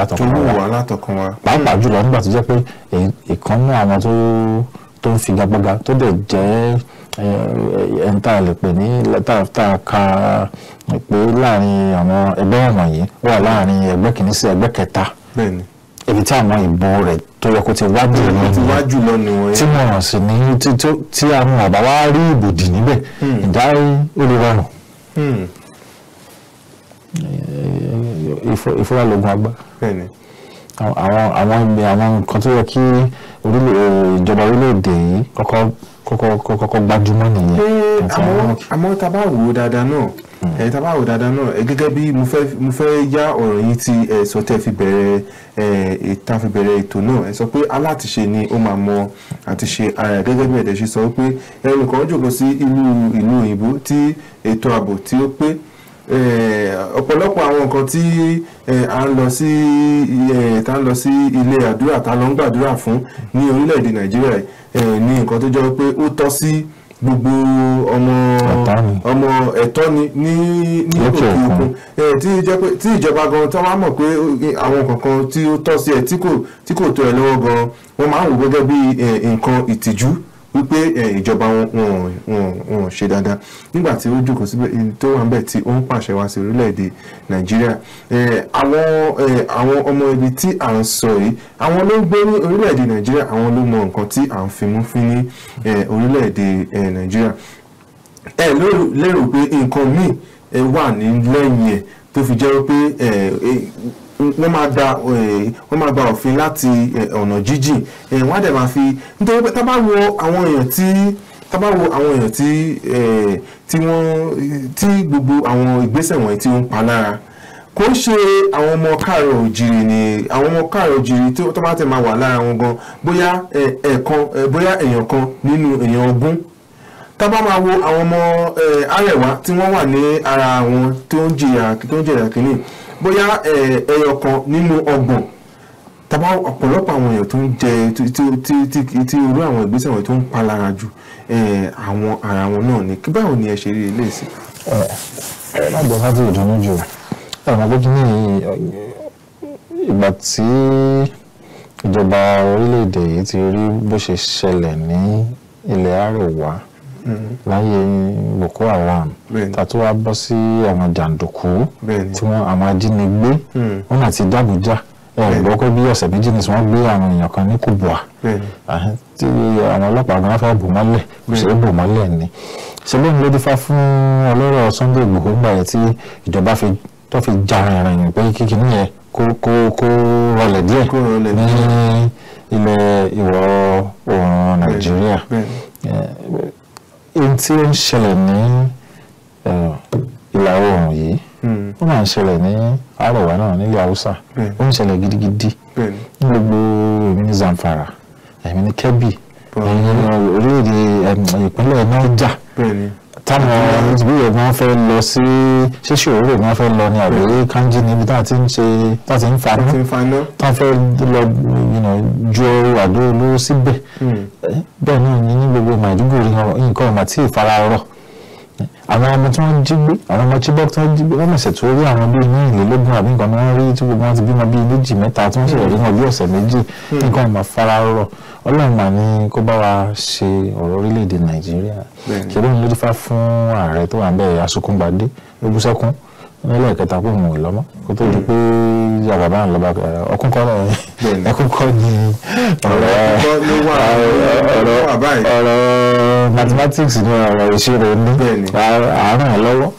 látọkàn wa pàápàá jùlọ nígbà tó jẹ́ pé ìkànnú àwọn tó tó ń figagbága tó dẹ̀ jẹ́ ẹni lè pè ní tá a ka pé láàrin àwọn ẹgbẹ́ wọ̀nyí wà láàrin ẹgbẹ́ kìíní sí ẹgbẹ́ kẹta. bẹ́ẹ̀ni ibi tí àwọn ìbò rẹ̀ tó yẹ kó ti wájú lọ ni tí mo ràn sí ní tí àwọn ọ̀bá wa rí ìbòdì níbẹ̀ ìdá olùwàrùn. ìfúralógún agbá àwọn àwọn àwọn nǹkan tó yẹ kí eh, ìjọba orílẹ̀-èdè yìí kọ́kọ́ gbájúmọ́ nìyẹn. àmọ́ tá a bá wò ó dáadáa náà Mm. ẹ tá bá wò dáadáa náà ẹ gẹ́gẹ́ bí mo fẹ́ yá ọ̀rọ̀ yìí tí ẹ sọ tẹ́ fi bẹ̀rẹ̀ ẹ tá fi bẹ̀rẹ̀ ètò náà ẹ sọ pé aláàtìṣe ni ó máa mọ àtìṣe ara ẹ gẹ́gẹ́ bí ẹ̀dẹ̀ ṣe sọ pé ẹnìkan jòkó sí ìlú ìlú òyìnbó tí ètò ààbò tí ó pé ọ̀pọ̀lọpọ̀ àwọn nǹkan tí a ń lọ sí tá ń lọ sí ilé àdúrà tá lọ ń gbàdúrà fún ní orílẹ̀-èdè Nàìjíríà ní nǹkan tó jọ pé ó tọ́ sí. Si, gbogbo ọmọ ọmọ ẹ̀tọ́ ni ní ní òkè òkun tí ìjọba gan tí wọ́n mọ̀ pé àwọn kankan tí ó tọ́ sí ẹ tí kò tó ẹ lọ́wọ́ gan wọ́n máa ń wò gẹ́gẹ́ bí nǹkan ìtìjú wípé ìjọba wọn wọn ṣe dáadáa nígbà tí ó jókòó síbẹ̀ tó wà níbẹ̀ tí ó ń pàṣẹ wá sí orílẹ̀-èdè nàìjíríà àwọn àwọn ọmọ ibi tí à ń sọ yìí àwọn ló ń gbé ní orílẹ̀-èdè nàìjíríà àwọn ló mọ nǹkan tí à ń fimú fín ní orílẹ̀-èdè nàìjíríà ẹ lérò pé nǹkan míì wà ní lẹ́yìn ẹ̀ tó fi jẹ́ pé wọ́n máa gba eh, wọ́n máa gba òfin láti eh, ọ̀nà jíjìn eh, wọ́n á dẹ̀ máa fi nítorí pé tá wo àwọn èèyàn tí tá wo àwọn èèyàn tí tí wọ́n tí gbogbo àwọn ìgbésẹ̀ wọ̀nyí tí ó ń pa lára kò ń ṣe àwọn ọmọ káàrọ̀ òjìrì ni àwọn ọmọ káàrọ̀ òjìrì tó bá tẹ̀ máa wà lára wọn gan bóyá ẹ̀ẹ̀kan bóyá èèyàn kan nínú èèyàn ogún tá máa wo àwọn ọmọ àrẹ̀wá tí wọ́n wà ní ara wọn tó ń jìyà tó ń jìyà kìíní bóyá eh, ẹyọ kan nínú ọgbọ̀n tàbá ọ̀pọ̀lọpọ̀ àwọn èèyàn tó ń jẹ tí irú àwọn ìgbésẹ̀ wọn tó ń palára jù eh, àwọn ara wọn náà ni kí báwo ni ẹ ṣe rí ilé ìsìn. Eh, ẹ má gbọ́ sáfì ìdùnnú jù ọ̀nà pé kí ni ìgbà tí ìjọba orílẹ̀-èdè yìí ti rí bó ṣe ṣẹlẹ̀ ní ilẹ̀ àríwá Mm-hmm. láyé Boko Haram tàtó wa bọ́ sí àwọn jàǹdùkú tí wọ́n àwọn ajínigbé mm. wọn àti dàbújá lọ́kọ́ bí ọ̀sẹ̀ méjì ní wọ́n gbé àwọn èèyàn kan ní kùbùà tí àwọn ọlọ́pàá gan fẹ́ bò mọ́lẹ̀ ṣe bò mọ́lẹ̀ ni ṣe lóun ló dífá fún ọlọ́rọ̀ Sunday Igboho gbà yẹn tí ìjọba tó fi ja ìrìn pé kíkì nìyẹn kó kó kó rọlẹ̀ díẹ̀ ní ilẹ̀ ìwọ̀ oòrùn Nàìjíríà ohun tí ó ń ṣẹlẹ̀ ní ìlà oòrùn yìí hmm. ó máa ń ṣẹlẹ̀ ní àrẹwà náà nílẹ̀ haúsá ó ń ṣẹlẹ̀ gidigidi ní gbogbo èmi ní zamfara èmi ní kebbi èmi ní orílẹ̀-èdè ìpínlẹ̀ niger táwọn ìbílẹ̀ gan fẹ́ lọ sí ṣíṣe òwúrò gan fẹ́ lọ ní àbẹ̀rẹ̀ kanji níbi tá a ti ń ṣe tá a ti ń faná tá a fẹ́ lọ ju àdó olówó síbẹ̀ hmm. bẹ́ẹ̀ náà ní gbogbo màdúgbò nǹkan ọ̀mà tí ì fara rọ̀ àwọn ọmọ tí wọ́n jí gbé àwọn ọmọ Chibok tí wọ́n jí gbé wọ́n mẹ̀sẹ̀ tó rí àwọn bíi mẹ́rìnlélógún àbí nǹkan náà rí tí gbogbo wọn ti bímọ bíi méjì mẹ́ta tí wọ́n sì rí wọn bí ọ̀sẹ̀ méjì hmm. nǹkan ìmọ̀ fara rọ̀ ọlọ́run mà ní kó bá wa ṣe ọ̀rọ̀ orílẹ̀-èdè Nàìjíríà kí ló ń lójú fá fún ààrẹ tó wà ń bẹ̀ Asokúngbadé ló bú sẹ́kún nílẹ̀ kẹta pé òun ò lọ́mọ kó tó di hmm. pé yàrá bá ń lọ́ba ọkùnkọ́ náà ẹkùnkọ́ ni ọ̀rọ̀ ọ̀rọ̀ ọ̀rọ̀ mathematics ni ọ̀rọ̀ ìṣirò ní àárín ẹ̀ lọ́wọ́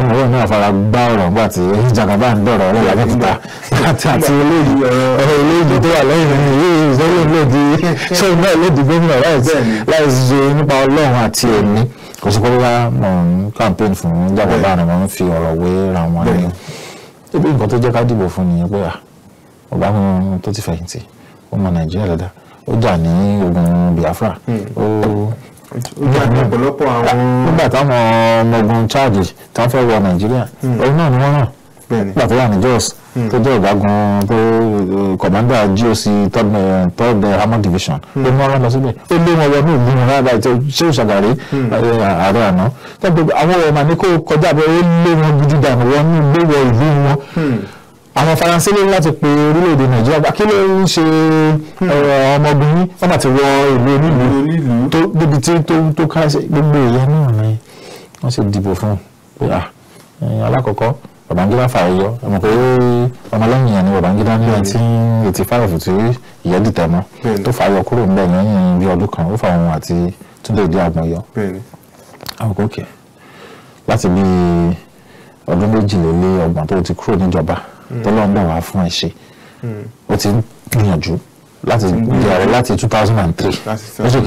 ọ̀rọ̀ náà fara gbá ọ̀rọ̀ nígbà tí jagaba ń dọ̀rọ̀ ọ̀rọ̀ ìyàbẹ̀ kúta àti àti eléyìí ọ̀rọ̀ eléyìí tó wà lẹ́yìn ní ìwé ìṣẹ́lẹ̀ lòdì ṣẹ́yìn náà lòdì gómìnà láì ṣe nípa ọlọ́run àti ẹ̀mí kò sí pé wá mọ̀ ń campaign fún jagaba ni wọ́n ń fi ọ̀rọ̀ wé ra wọn ni ebi nǹkan tó jẹ́ ká dìbò fún nìyẹn pé ọ̀gá mi tó ti fẹ̀yìntì ó mọ Nàìjíríà dáadáa ó jà ní ogun Biafra hmm ọ̀pọ̀lọpọ̀ àwọn. nígbà táwọn ọmọ ogun Chad táwọn fẹ́ wọ Nàìjíríà hmm. òun náà ni wọ́n náà nígbà tó wà ní Jos hmm. tó jẹ́ ọ̀gágun tó kọ̀mándà eh, GOC third eh, eh, armor division ló hmm. mú ọlọ́dọ̀ síbẹ̀ ó lé wọn wọnú ìlú wọn láàbà tó ṣé òṣàgàrí ààrẹ àná tẹ́gbẹ́ àwọn ọmọ ní kó kọjá bẹ́ẹ̀ ó lé wọn gidi dànù wọnú ilé wọ ìlú wọn àwọn faransé ní láti pe orílẹ̀-èdè nàìjíríà kí ló ń ṣe hmm. eh, ọmọbìnrin wọn àti wọ ìlú onílùú tó débi tí tó ká gbogbo ìyá náà ni wọ́n sì dìbò fún un ah, eh, alákọ̀ọ́kọ́ babangida fàáyọ ọmọ pé ọmọlẹ́yìn ẹni babangida ní nineteen eighty five tí ìyá dìtẹ̀ mọ́ tó fàáyọ kúrò níbẹ̀ lẹ́yìn bí ọdún kan ó fà wọn àti túndé ìdí àgbọ̀n yọ àwọn kòkè láti bí ọdún méjìlélọ́gbọ̀n tó ti kúrò níjọba. Mm. tọ́lọ́run dà wá fún ẹ ṣe ó mm. ti ń gbìyànjú láti bẹ̀rẹ̀ láti two thousand and three oṣù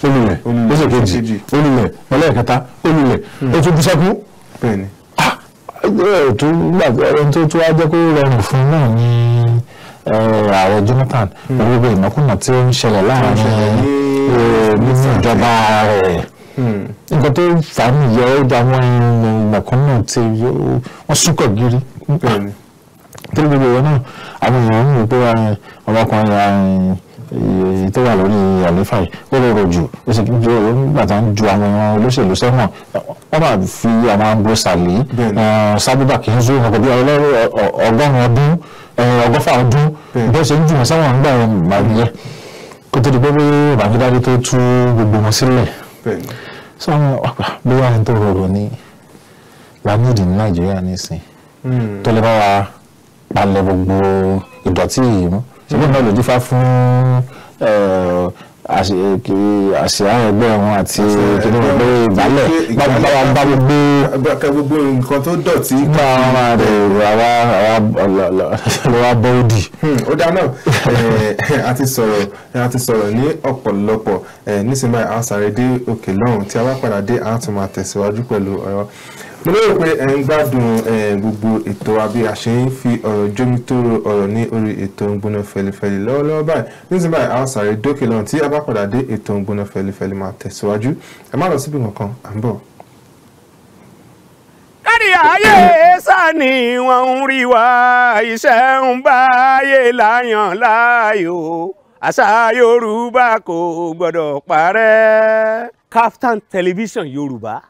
kìíní olùlẹ̀ oṣù kejì olùlẹ̀ ọlẹ́ẹ̀kẹta olùlẹ̀ mm. ó tún bú sẹ́kù tó gbàgbé ẹni tó tún wá jẹ́ kó rọrùn fún náà ní ààrẹ Jonathan gbogbo ìnákúnà tí ó ń ṣẹlẹ̀ láàrin nínú ìjọba rẹ̀ nǹkan tó fà á nìyẹn ó dá wọn ìnákúnà tí wọ́n súnkọ̀ gírí tẹ́lẹ̀ gbogbo ìwọ náà àwọn èèyàn ń rò pé eh, ọmọkùnrin eh, eh, tó wà lórí àléfà yìí ó lè rojú ó sì ju nígbà tá à ń ju àwọn èèyàn olóṣèlú sẹ́wọ̀n wọ́n máa fi àwọn agbóṣàlì sábúbà kì í zó ọkọ̀ bí ọgọ́rùn-ún ọdún ọgọ́fà ọdún bí ó ṣe ń jù wọ́n sẹ́wọ̀n nígbà yẹn màdìyẹ kó tó di pé bàbáńdáde tó tú gbogbo wọn sílẹ̀ sọ wọn wà bí wàá ń tó rọrùn ní lamidi ní nàìjíríà nísìn tó lè bá wa palẹ̀ gbogbo ìdọ̀tí yìí mú ṣùgbọ́n náà lòdì fá fún àṣìá ẹgbẹ́ wọn àti kìnìún pé ìbálẹ̀ báwa bá gbogbo. bàkà gbogbo nǹkan tó dọ̀tí. gba ara rẹ̀ àwa àwa bọ́ọ̀dì. ó dáa náà a ti sọ̀rọ̀ a ti sọ̀rọ̀ ní ọ̀pọ̀lọpọ̀ nísìnyí báyìí a sáré dé òkè lọ́hùn tí a bá padà dé a tún máa tẹ̀síwájú pẹ̀lú ọ̀rọ̀ mo lérò pé ẹ ń gbádùn gbogbo ètò àbí àṣẹ ń fi ọ̀rọ̀ jómi tóró ọ̀rọ̀ ní orí ètò ògbóná fẹlifẹli lọ́wọ́lọ́wọ́ báyìí nítorí báyìí a ó dókè lọ́run tí a bá padà dé ètò ògbóná fẹlifẹli máa tẹ̀síwájú ẹ má lọ síbi kankan à ń bọ̀. kárí ayé sani wọn ń rí wa iṣẹ́ ń bá ayé láyàn láàyò àṣà yorùbá kò gbọ́dọ̀ parẹ́. Kaftan television yorùbá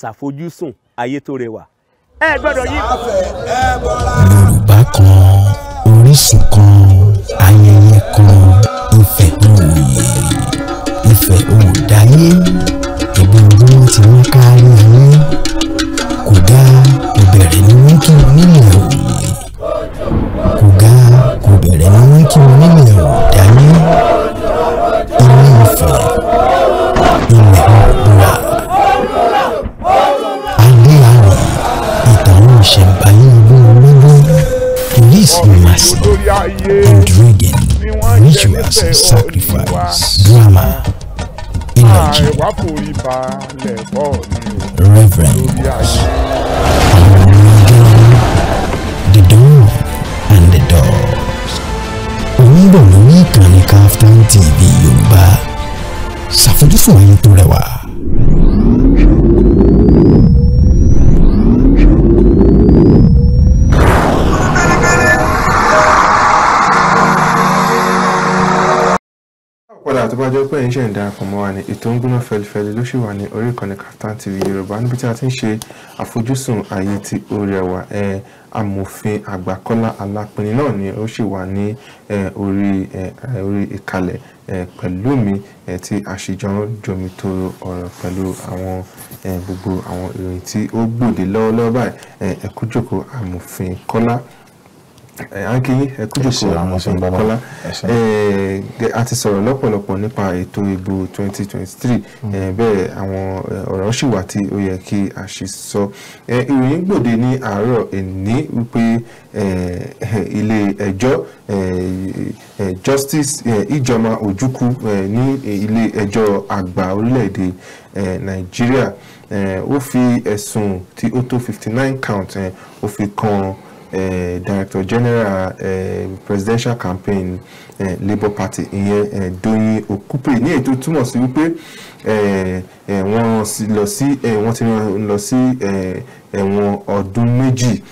ṣàfojúsùn ayé tó rẹwà ẹ gbọ́dọ̀ yí. yorùbá kan orísun kan ayẹyẹ kan ìfẹ́ òòyè ìfẹ́ òòdáyé ìbí ogún ti ń kárí ayé kò dá kò ni ní wọ́n kí wọn nílẹ̀ òòyè kò dá kò bẹ̀rẹ̀ ní wọ́n kí wọn nílẹ̀ òòdáyé ilé ìfẹ́ ilẹ̀. ìṣẹ̀ǹbáyé ọdún ológun Release mercy and reading, rituals and sacrifice, drama, energy, reverence, the door and the doors. Onígbọ̀ lórí ìkànnì Kaftan TV Yorùbá, ṣàfojúsùn ayé tó rẹwà. tó bá jẹ́ pé ẹ̀yin ṣe ń darapọ̀ mọ́ wa ní ètò ń gbóná fẹlifẹli ló ṣì wà ní orí ìkànnì Kaftan TV Yorùbá níbi tí a ti ń ṣe àfojúsùn ayé tí ó rẹwà amòfin àgbà Kọ́lá Alápinni náà ni ó ṣì wà ní orí orí ìkàlẹ̀ pẹ̀lú mi tí àṣìjọ ń jomi toro ọ̀rọ̀ pẹ̀lú àwọn gbogbo àwọn ìròyìn tí ó gbòde lọ́wọ́lọ́wọ́ báyìí ẹ̀kú jókòó amòfin Kọ́lá akínyín ẹkújòkó Kọ́lá a ti sọ̀rọ̀ lọ́pọ̀lọpọ̀ nípa ètò ìbò 2023 hmm. bẹ́ẹ̀ àwọn ọ̀rọ̀ sì wà tí ó yẹ kí a ṣe sọ ìròyìn gbòde ní àárọ̀ ẹ̀ní wípé ilé ẹjọ́ Justice Ijoma Ojukwu ní ilé ẹjọ́ àgbà orílẹ̀-èdè Nàìjíríà ó fi ẹ̀sùn tí ó tó 59 count ó fi kan Eh, director general eh, presidential campaign eh, labour party ìyẹn eh, Doyin Okupe ní èyí tó túmọ̀ sí wípé eh, eh, wọ́n lọ sí wọ́n ti lọ sí ẹ̀wọ̀n ọdún méjì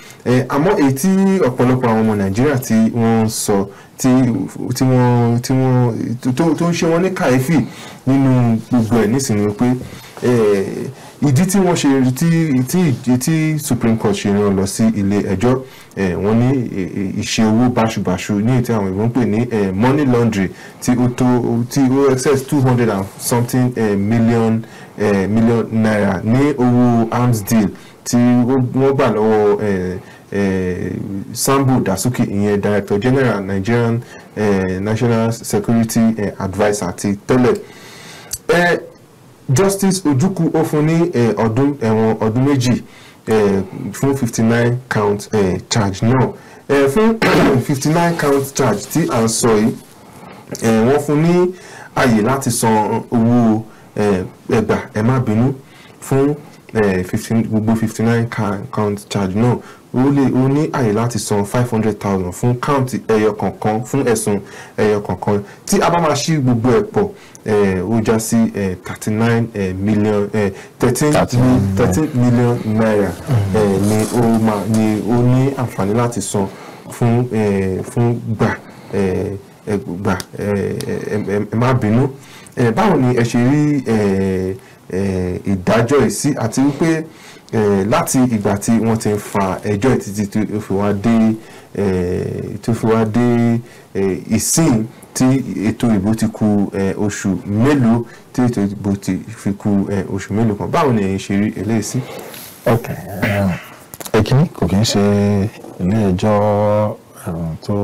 àmọ́ èyí tí ọ̀pọ̀lọpọ̀ àwọn ọmọ Nàìjíríà tí wọ́n sọ tí tí wọ́n tí wọ́n tó ń ṣe wọ́n ní kàyéfì nínú gbogbo ẹ̀ nísìnyí pé ìdí tí wọ́n ṣe tí tí Supreme Court ṣe rán lọ sí ilé ẹjọ́ wọ́n ní ìṣe owó báṣubàṣu ní ètò àwọn ìbọn pè ní money laundry tí ó tó tí ó excess two hundred and something million million naira ní owó arms deal tí wọ́n gbà lọ́wọ́ Sambo Dasuki ìyẹn Director General Nigerian National Security eh, Adviser ti tẹ́lẹ̀. Eh, justice ojukwu ó fún ní eh, ọdún ẹ̀wọ̀n ọdún méjì eh, fún fifty nine count eh, charge náà eh, fún *coughs* fifty nine count charge tí à ń sọ yìí wọ́n fún ní àyè láti san owó ẹgbà ẹ má bínú fún gbogbo fifty nine count charge náà o lè ó ní àyè láti san five hundred thousand fún count ẹyọ kọ̀ọ̀kan fún ẹ̀sùn ẹyọ kọ̀ọ̀kan tí a bá máa ṣí gbogbo ẹ̀ pọ̀ Eh, ó já sí 39 eh, nine eh, million 13 thirteen million naira mm. ni ó máa ni ó ní àǹfààní láti san fún fún gbà gbà ẹ má bínú báwo ni ẹ ṣe rí ìdájọ́ yìí sí àti wípé láti ìgbà tí wọ́n ti ń fa ẹjọ́ ìtítí tó fi wá dé. Eh, tó fi wá dé eh, ìsìn tí ètò ìbò ti kù eh, oṣù mélòó tí ètò ìbò ti fi kù oṣù mélòó kan báwo ni ẹ̀yin ṣe rí eléyìí sí. ok ẹ̀kíní kò kí ń ṣe ilé ẹjọ́ tó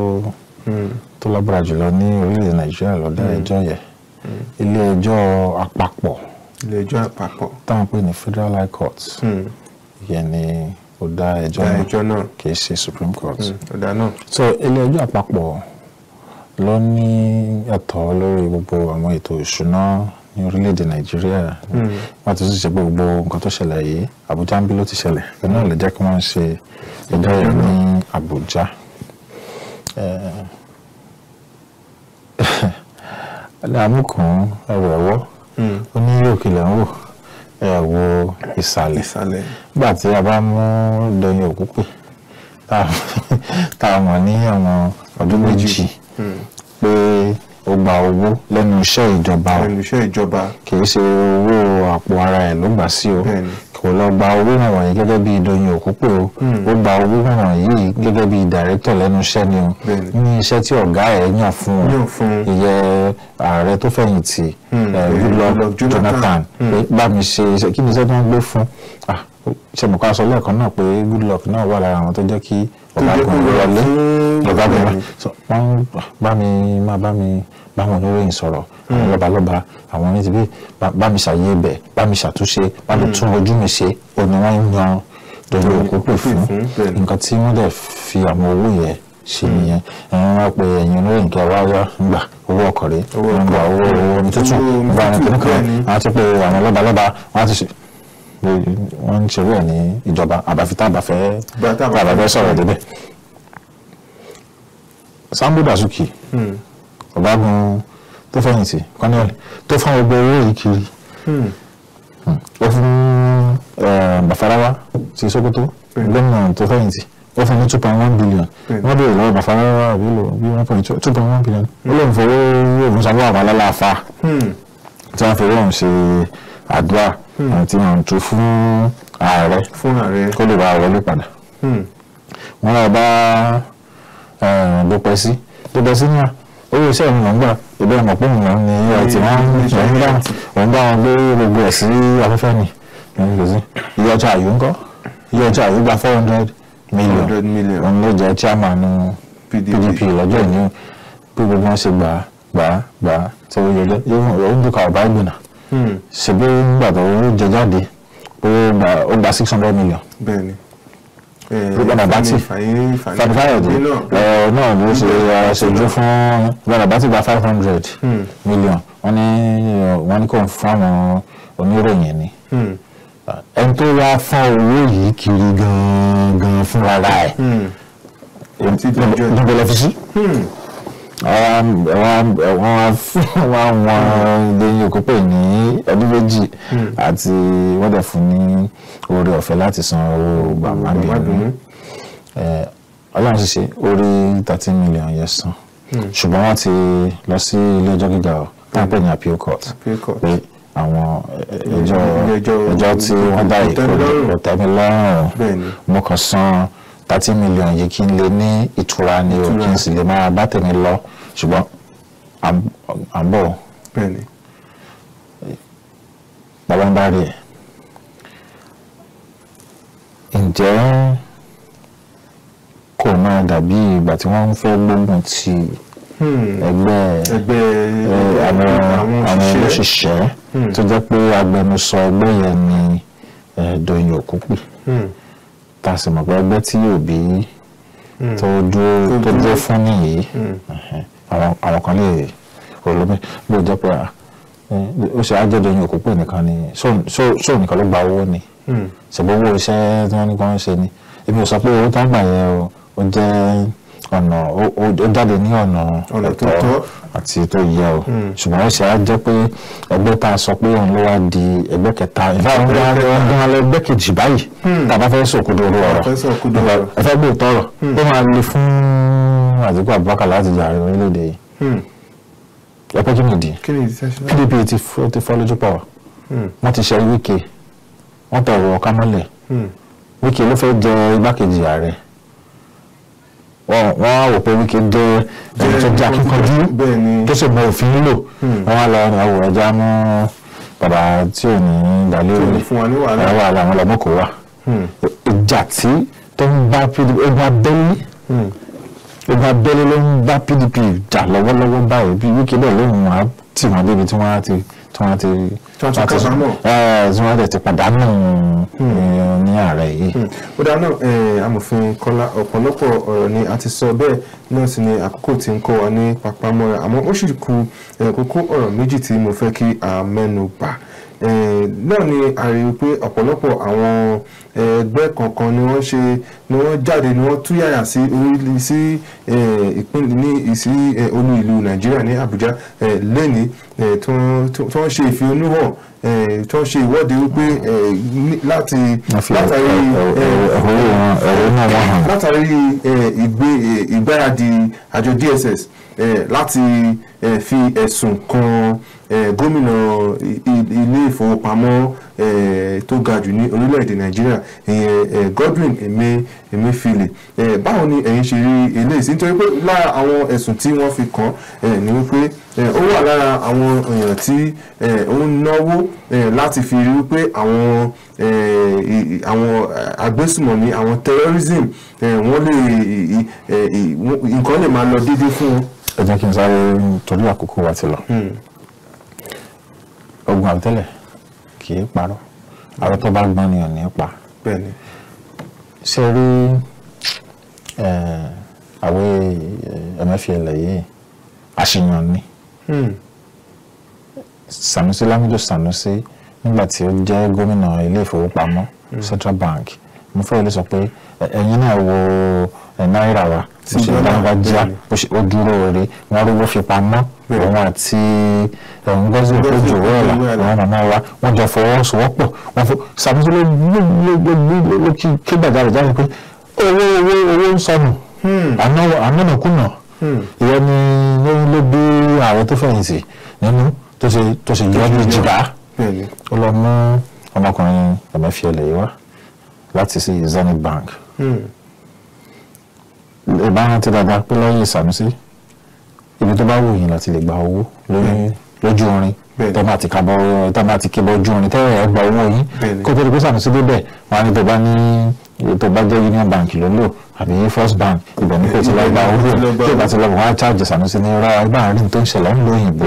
hmm. tó lágbára jùlọ ní orílẹ̀-èdè nàìjíríà lọ́dọ̀ hmm. ẹjọ́ yẹn hmm. ilé ẹjọ́ àpapọ̀ ilé ẹjọ́ àpapọ̀ táwọn pè ní federal high court ìyẹn ni ọ̀dà ẹjọ́ náà kì í ṣe Supreme Court. ọ̀dà hmm, náà. so ilé ẹjọ́ àpapọ̀ ló ní ẹ̀tọ́ lórí gbogbo àwọn ètò ìṣúná ní orílẹ̀-èdè nàìjíríà hmm. wọ́n ti tún ṣe pé gbogbo nǹkan tó ṣẹlẹ̀ yìí àbújá ń bí ló ti ṣẹlẹ̀ náà lè jẹ́ kí wọ́n ṣe ẹjọ́ yẹn ní àbújá. Eh, aláàmú *laughs* kan ẹrù ẹ̀wọ́ hmm. ó ní yóò kìlẹ̀ ń wò ẹ wo ìsàlẹ̀ nígbà tí a bá mú dẹni òkúpè tá a mọ̀ ní ọmọ ọdún méjì hmm. pé ó gba owó lẹ́nu iṣẹ́ ìjọba kì í ṣe owó àpò ara ẹ̀ ló gbà sí o kò lọ gba owó ìrànwọ́ yìí gẹ́gẹ́ bí Doyin Okupo hmm. ó gba owó ìrànwọ́ yìí gẹ́gẹ́ bí dàrẹ́tọ̀ lẹ́nu iṣẹ́ ni o ní iṣẹ́ tí ọ̀gá ẹ̀ yàn fún un ìyẹ ààrẹ tó fẹ̀yìntì Goodluck hmm. eh, Jonathan hmm. bá mi ṣe iṣẹ́ kí ni iṣẹ́ tó ń gbé fún ṣe mọ̀ ká sọ lẹ́ẹ̀kan náà pé Goodluck náà wà lára àwọn tó jẹ́ kí ọ̀gágun wọlé ọ̀gágun wọ́n bá mi bá mi bá wọn oníròyìn sọ̀rọ̀ Mm. àwọn lọ́balọ́ba àwọn ní ti bí bá mi ṣàyè ibẹ̀ bá mi ṣàtúnṣe bá mi mm. tún ojú mi ṣe òní wọ́n ń yan lórí òkú pè fún nǹkan tí wọ́n dẹ̀ fi àwọn owó yẹn ṣe mm. nìyẹn ẹ̀yin wá pé ẹ̀yin olóyè nǹkan wá wá gbà owó ọkọ̀ rẹ̀ wọ́n gba owó omi tútù gba ẹni kankan wọ́n ti pé àwọn lọ́balọ́ba wọ́n ti ṣe wọ́n ń ṣerú ẹ̀ ní ìjọba àbáfi tá àbáfẹ́ tá sọ̀rọ̀ débẹ̀ Sambo Dasuki ọ̀gágun. Mm tó fẹ̀yìntì kọ́nẹ́ẹ̀lì tó fáwọn ọgbẹ́ owó yìí kiri hmm. Hmm. ó fún eh, Bàfarawa ti Sokoto gómìnà hmm. tó fẹ̀yìntì ó fún ní two point one billion wọ́n béèrè lọ́wọ́ Bàfarawa àbí lò bí one point two point one billion ó lè fowó òun sanwó àwọn alálàáfà tí wọ́n fi owó òun ṣe àdúrà àti àwọn tó fún ààrẹ kó lè bá ààrẹ lè padà wọ́n lọ bá eh, Bọ́pẹ́sí Bọ́pẹ́sí náà owó iṣẹ́ mi mọ̀ ń gbà ìbí ọmọ pé mi náà ni ọtí wọn ń gbà òun bá wọn gbé gbogbo ẹ̀ sí afẹ́fẹ́ ni òun lò sí iye ọjà àyù ńkọ́ iye ọjà àyù gba four hundred million òun ló jẹ́ chairman PDP lọ́jọ́ ìní bí gbogbo wọn ṣe gbà gbà gbà tí ó yẹlẹ yóò ń dúkà ọ̀bá ìgbìnà ṣèbí nígbà tó jẹ jáde ó gba six hundred million. bẹ́ẹ̀ni Gbọ́dọ̀ bàtì Fànífàyọ̀dé náà ló ṣe aṣojú fún gbọ́dọ̀ bàtì gba five hundred hmm. million wọ́n ní wọ́n ní kò ń fáwọn oníròyìn ni hmm. ah, ẹni tó wá fún owó yìí kiri gan-an fúnra rẹ̀ hmm. níbo lọ fi sí wọn wọn wọn wọn lẹ́yìn okópè ní ọdún méjì àti wọn dẹ fún ní oore ọ̀fẹ́ láti san owó bàbá mi Ọlọ́run ṣiṣẹ́ orí thirteen million yẹn san ṣùgbọ́n wọ́n ti lọ sí ilé ẹjọ́ gíga ọ tá a pè ní appeal court pé àwọn ẹjọ́ ẹjọ́ tí wọ́n dá ìkó kò tẹ́mi lọ́rùn mo kàn san thirty million yìí kí n lè ní ìtura ni o kí n sì lè máa bá tèmi lọ ṣùgbọ́n àbọ̀ bàbá ń bá rí ẹ̀ ǹjẹ́ kò máa dàbí ìgbà tí wọ́n ń fẹ́ gbógun ti hmm. ẹgbẹ́ àwọn òṣìṣẹ́ hmm. tó jẹ́ pé agbẹnusọ ẹgbẹ́ yẹn ni Dòyìn Òkúpì. Hmm ta sì mọ̀ pé ẹgbẹ́ tí òbí hmm. tó dúró tó dúró fún nìyí hmm. àwọn kan lè olómi bó jẹ́ pé ó ṣe àjọjọ yín òkúpè nìkan ni ṣó nìkan ló gba owó ni hmm. ṣùgbọ́n owó iṣẹ́ tí wọ́n ní kí wọ́n ṣe ni èmi ò sọ pé owó tó ń gbà yẹn o jẹ́ ọ̀nà ó jáde ní ọ̀nà ẹ̀tọ́ àti tó yẹ o hmm. ṣùgbọ́n ó ṣe á jẹ́ pé ẹgbẹ́ tá a sọ pé òun ló wá di ẹgbẹ́ kẹta ìfọwọ́n alẹ́ ẹgbẹ́ kejì báyìí hmm. tá a bá fẹ́ sòkòdò oró ọ̀rọ̀ ẹ fẹ́ gbé ìtọ́rọ̀ hmm. ó máa le fún Àtíkù Abubakar láti jàre orílẹ̀-èdè yìí ẹ kí ni ìdí PDP ti fọ́ lójú pọ̀ wọ́n ti ṣe Wike wọ́n tọ̀rọ̀ ọ̀ká mọ́lẹ̀ wọ́n á wò pé wíkẹ́ jẹ́ ẹni tó jẹ́ akíkanjú tó sì mọ òfin nílò hmm. wọ́n á lọ àwòrán já mú bàbá tí ò ní ìdálé òní ẹ̀rọ wàhálà àwọn ọlọ́mọ kò wà ìjà tí tó ń bá pdp ogun abẹ́lé ogun abẹ́lé ló ń bá pdp jà lọ́wọ́lọ́wọ́ báyìí bí wíkẹ́ bẹ́ẹ̀ lóhùn á tì wọ́n débi tí wọ́n á ti tí wọ́n ti tí wọ́n ti pàdánù hmm. ní ààrẹ yìí. Hmm. ó dáa náà amòfin Kọ́lá ọ̀pọ̀lọpọ̀ ọ̀rọ̀ ni a ti sọ bẹ́ẹ̀ náà sì ni àkókò tí ń kọ́ wa ní papamọ́ra àmọ́ ó sì kù kókó ọ̀rọ̀ méjì tí mo fẹ́ kí a mẹ́nu bà. Eh, náà ni a rí i pé ọ̀pọ̀lọpọ̀ àwọn ẹgbẹ́ kọ̀ọ̀kan ni wọ́n ṣe ni wọ́n jáde ni wọ́n tú yàyà sí orílẹ̀ sí eh, ìpínlẹ̀ ní ìsí eh, olú ìlú Nàìjíríà ní Àbújá lẹ́ni tí wọ́n ṣe ìfihónúhàn tí wọ́n ṣe ìwọ́de wípé láti látàrí látàrí ìgbáradì àjọ DSS. Eh, láti eh, fi ẹ̀sùn kan eh, gómìnà ilé ìfowópamọ́ tó ga jù ní orílẹ̀-èdè nàìjíríà ìyẹn Godwin Emefiele báwo ni ẹ̀yin ṣe rí eléyìí sí nítorí pé lára àwọn ẹ̀sùn tí wọ́n fi kàn ní wípé ó wà lára àwọn èèyàn tí ó ń náwó láti fi rí wípé àwọn àwọn agbésùmọ̀mí àwọn terrorism wọ́n lè nǹkan lè máa lọ déédéé fún wọn ẹ jẹ́ kí n sáré torí àkókò wa ti lọ hmm. ogun àbítẹ́lẹ̀ kì í parọ́ àrò tó bá gbọ́n ni ò ní pa ṣe rí àwẹ̀ ẹ̀mẹ́fìẹ̀lẹ̀ e yìí àṣìyàn ni hmm. Sanusi Lamido Sanusi nígbà tí ó jẹ́ gómìnà ilé ìfowópamọ́ hmm. Central Bank mo fẹ́ lè sọ pé ẹ̀yin náà wo náírà wa tí ọlọ́run bá jà ó dúró rẹ̀ wọ́n arúgbó fi pamọ́ òun àti Ngozi Okonjo-Iweala àwọn màmá wa wọ́n jọ fọwọ́sowọ́pọ̀ wọ́n fọ Sanusi ló ló ké gbàjarè jáde pé owó owó owó ń sọnù ànánàkúnà ìwọ ni ló gbé ààrẹ tó fẹ̀yìntì nínú tó ṣe tó ṣe yọ ní jìbá ó lọ mú ọmọkùnrin ẹ̀mẹ́fì ọ̀lẹ̀ yìí wá láti sí Zenith Bank. Hmm ẹ bá rántí dáadáa pé lẹ́yìn ìsànúsí ibi tó bá wù yín láti lè gba owó lójú orin tó bá ti kábọ̀ tó bá ti kébọ̀ ojú orin tẹ́lẹ̀ ẹ gba owó yín kó tó di pé sànúsí débẹ̀ wọn ni tó bá ní tó bá jẹ́ union bank ló lò àbí first bank ibẹ̀ ní kò ti lọ gba owó tí ìgbà tí lọ wọn á charge sànúsí ní rárá ibà àárín tó ń ṣẹlẹ̀ ń lo òyìnbó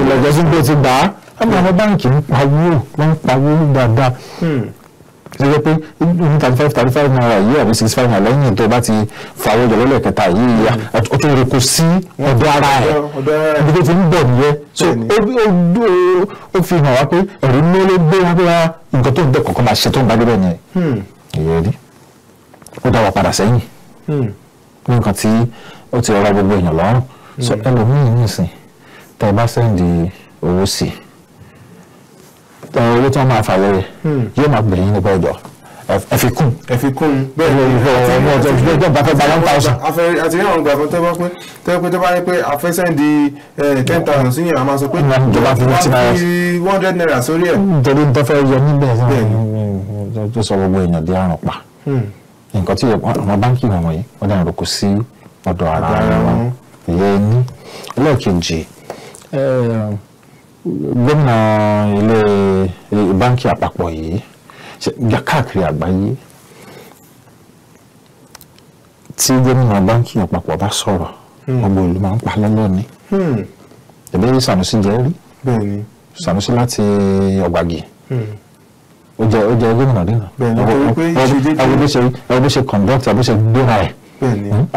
ìlọjọsí pé ti gbà á àmọ́ àwọn hmm. báǹkì ń pawó wọn ń pawó dáadáa hmm ẹ jẹ́ pé ní thirty five thirty five naira yìí àbí sixty five naira lẹ́yìn tó bá ti fàwọ́ jọ lọ́lẹ̀ kẹta yìí ó tó roko sí ọ̀dọ̀ ara ẹ̀ ibi tó ti ń bọ̀ nìyẹn so ó fi hàn wá pé ẹ̀rí mélòó gbé abẹ́ra nǹkan tó ń bẹ̀ kọ̀ọ̀kan máa ṣe tó ń bá débẹ̀ nìyẹn hmm. ìyẹn rí ó dá wa padà sẹ́yìn hmm. ní nǹkan tí ó ti rọra gbogbo èèyàn lọ́rùn so hmm. ẹlòmíì nìsín tẹ́ ẹ bá sẹ́ǹdì owó sí i owó tí wọ́n máa fà wẹ́rẹ́ yóò máa gbìyànjú nípa ẹ̀jọ̀ ẹ̀fikún. ẹ̀fikún bẹ́ẹ̀ ni ọmọ ọjọ́ ìjọba bá fẹ́ gba one thousand. àti ní àwọn ìgbà kan tẹ́wọ́ pé tẹ́wọ́ pé tẹ́wọ́ pé àfẹ́sẹ̀ di ten thousand sí yẹn a máa sọ pé wọ́n fi one hundred naira sórí ẹ̀. nítorí tó fẹ́ yọ níbẹ̀ tó sọ gbogbo èèyàn di àrùn pa nǹkan tí àwọn báńkì wọn wọ̀nyí wọ́n dáhùn roko sí ọ̀dọ̀ ara wọn ìyẹn ní ẹlẹ́ẹ̀kejì gómìnà ilé báńkì àpapọ̀ yìí káàkiri àgbáyé tí gómìnà báńkì àpapọ̀ bá sọ̀rọ̀ hmm. gbogbo ìlú máa ń pa lọ́lọ́ hmm. ni ẹ̀bẹ́ yìí Sanusi jẹ́ rí Sanusi láti ọ̀gbàgì hmm. ó jẹ́ ó jẹ́ gómìnà dínà ẹ̀wọ̀n bó ṣe ẹ̀wọ̀n bó ṣe conduct àbó ṣe gbéra ẹ̀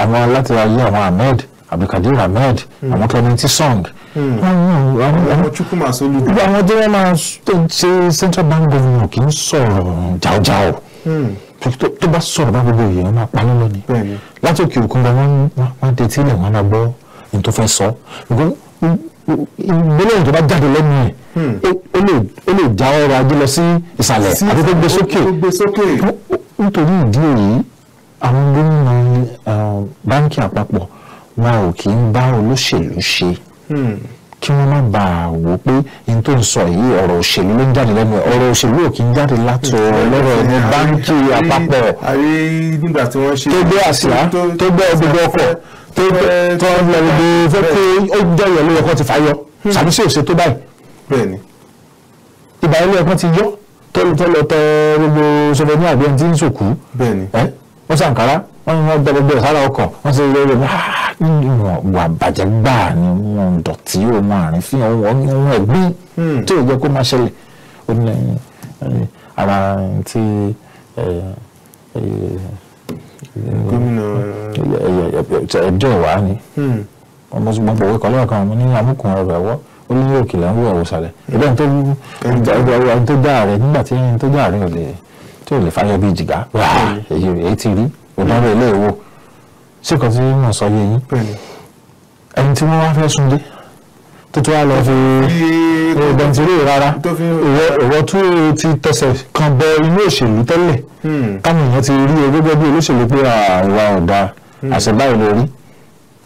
àwọn láti ayé àwọn Ahmed Abdulkadir Ahmed àwọn Clementi Song àwọn chukwuma solu. àwọn tí wọ́n máa ṣe central bank governor kì í sọ̀rọ̀ jàújàú tó bá sọ̀rọ̀ bá gbogbo èèyàn máa pa nínú ni láti òkè òkun gan wọn máa detí ilẹ̀ wọn máa gbọ́ ní tó fẹ́ sọ gbólóhùn tó bá jáde lẹ́nu ẹ̀ ó lè já ọrọ̀ ajé lọ sí ìsàlẹ̀ àti tó gbé sókè nítorí ìdí èyí àwọn gómìnà báńkì àpapọ̀ wọn ò kì í bá olóṣèlú ṣe. Hmm. kí wọ́n má bàa wò ó pé n tó ń sọ yìí ọ̀rọ̀ òṣèlú ló ń jáde lẹ́nu ẹ̀ ọ̀rọ̀ òṣèlú ò kí ń jáde látọ̀ hmm. lọ́rọ̀ ẹ̀mí hmm. báńkì àpapọ̀ tó gbé àsìá tó gbé ọdúnbọ̀ ọkọ̀ tó gbé tó ń lọ gbogbo fẹ́ pé ó jẹ́yẹ̀ ló yẹ kó ti fà yọ sàbísí òṣè tó báyìí ìbàyẹ̀ ló yẹ kó ti yọ tó lọ tẹ gbogbo sọfẹ̀ ní àbí ẹni tí ń sòkú wọ́n sàǹkárá wọ́n ní wọ́n gbẹ gbogbo ìsára wọ́n sì rẹ rẹ ah, wà bàjẹ́ gbáà ni wọ́n ń dọ̀tí òun àárín fi hàn ohun ẹ̀gbín tí ò jẹ́ kó má ṣẹlẹ̀ ó ní eh, ara tí eh, eh, gómìnà ẹjọ́ ìwà ni ọmọ ṣùgbọ́n pòwe kan lọ́ọ̀kan mo ní amúkùnrin ọ̀rọ̀ ẹ̀wọ́ ó ní òkèlè ń wọ̀ ọ̀sàlẹ̀ ìbẹ́ni tó dá rẹ̀ nígbà tí ẹni tó dá rẹ̀ ò lè tí bí jìgá hmm. èyí ti rí ò bá rẹ̀ lé ìwò sí nǹkan tí mò ń sọ yé yín ẹni tí wọ́n wá fẹ́ sunlé tó tún wá lọ fi bẹntiró rárá ìwọ tún ti tẹsẹ̀ kan bọ inú òṣèlú tẹ́lẹ̀ káwọn hmm. èèyàn ti rí o gẹ́gẹ́ bí olóṣèlú pé àwa ọ̀dà hmm. àṣẹbáyé lórí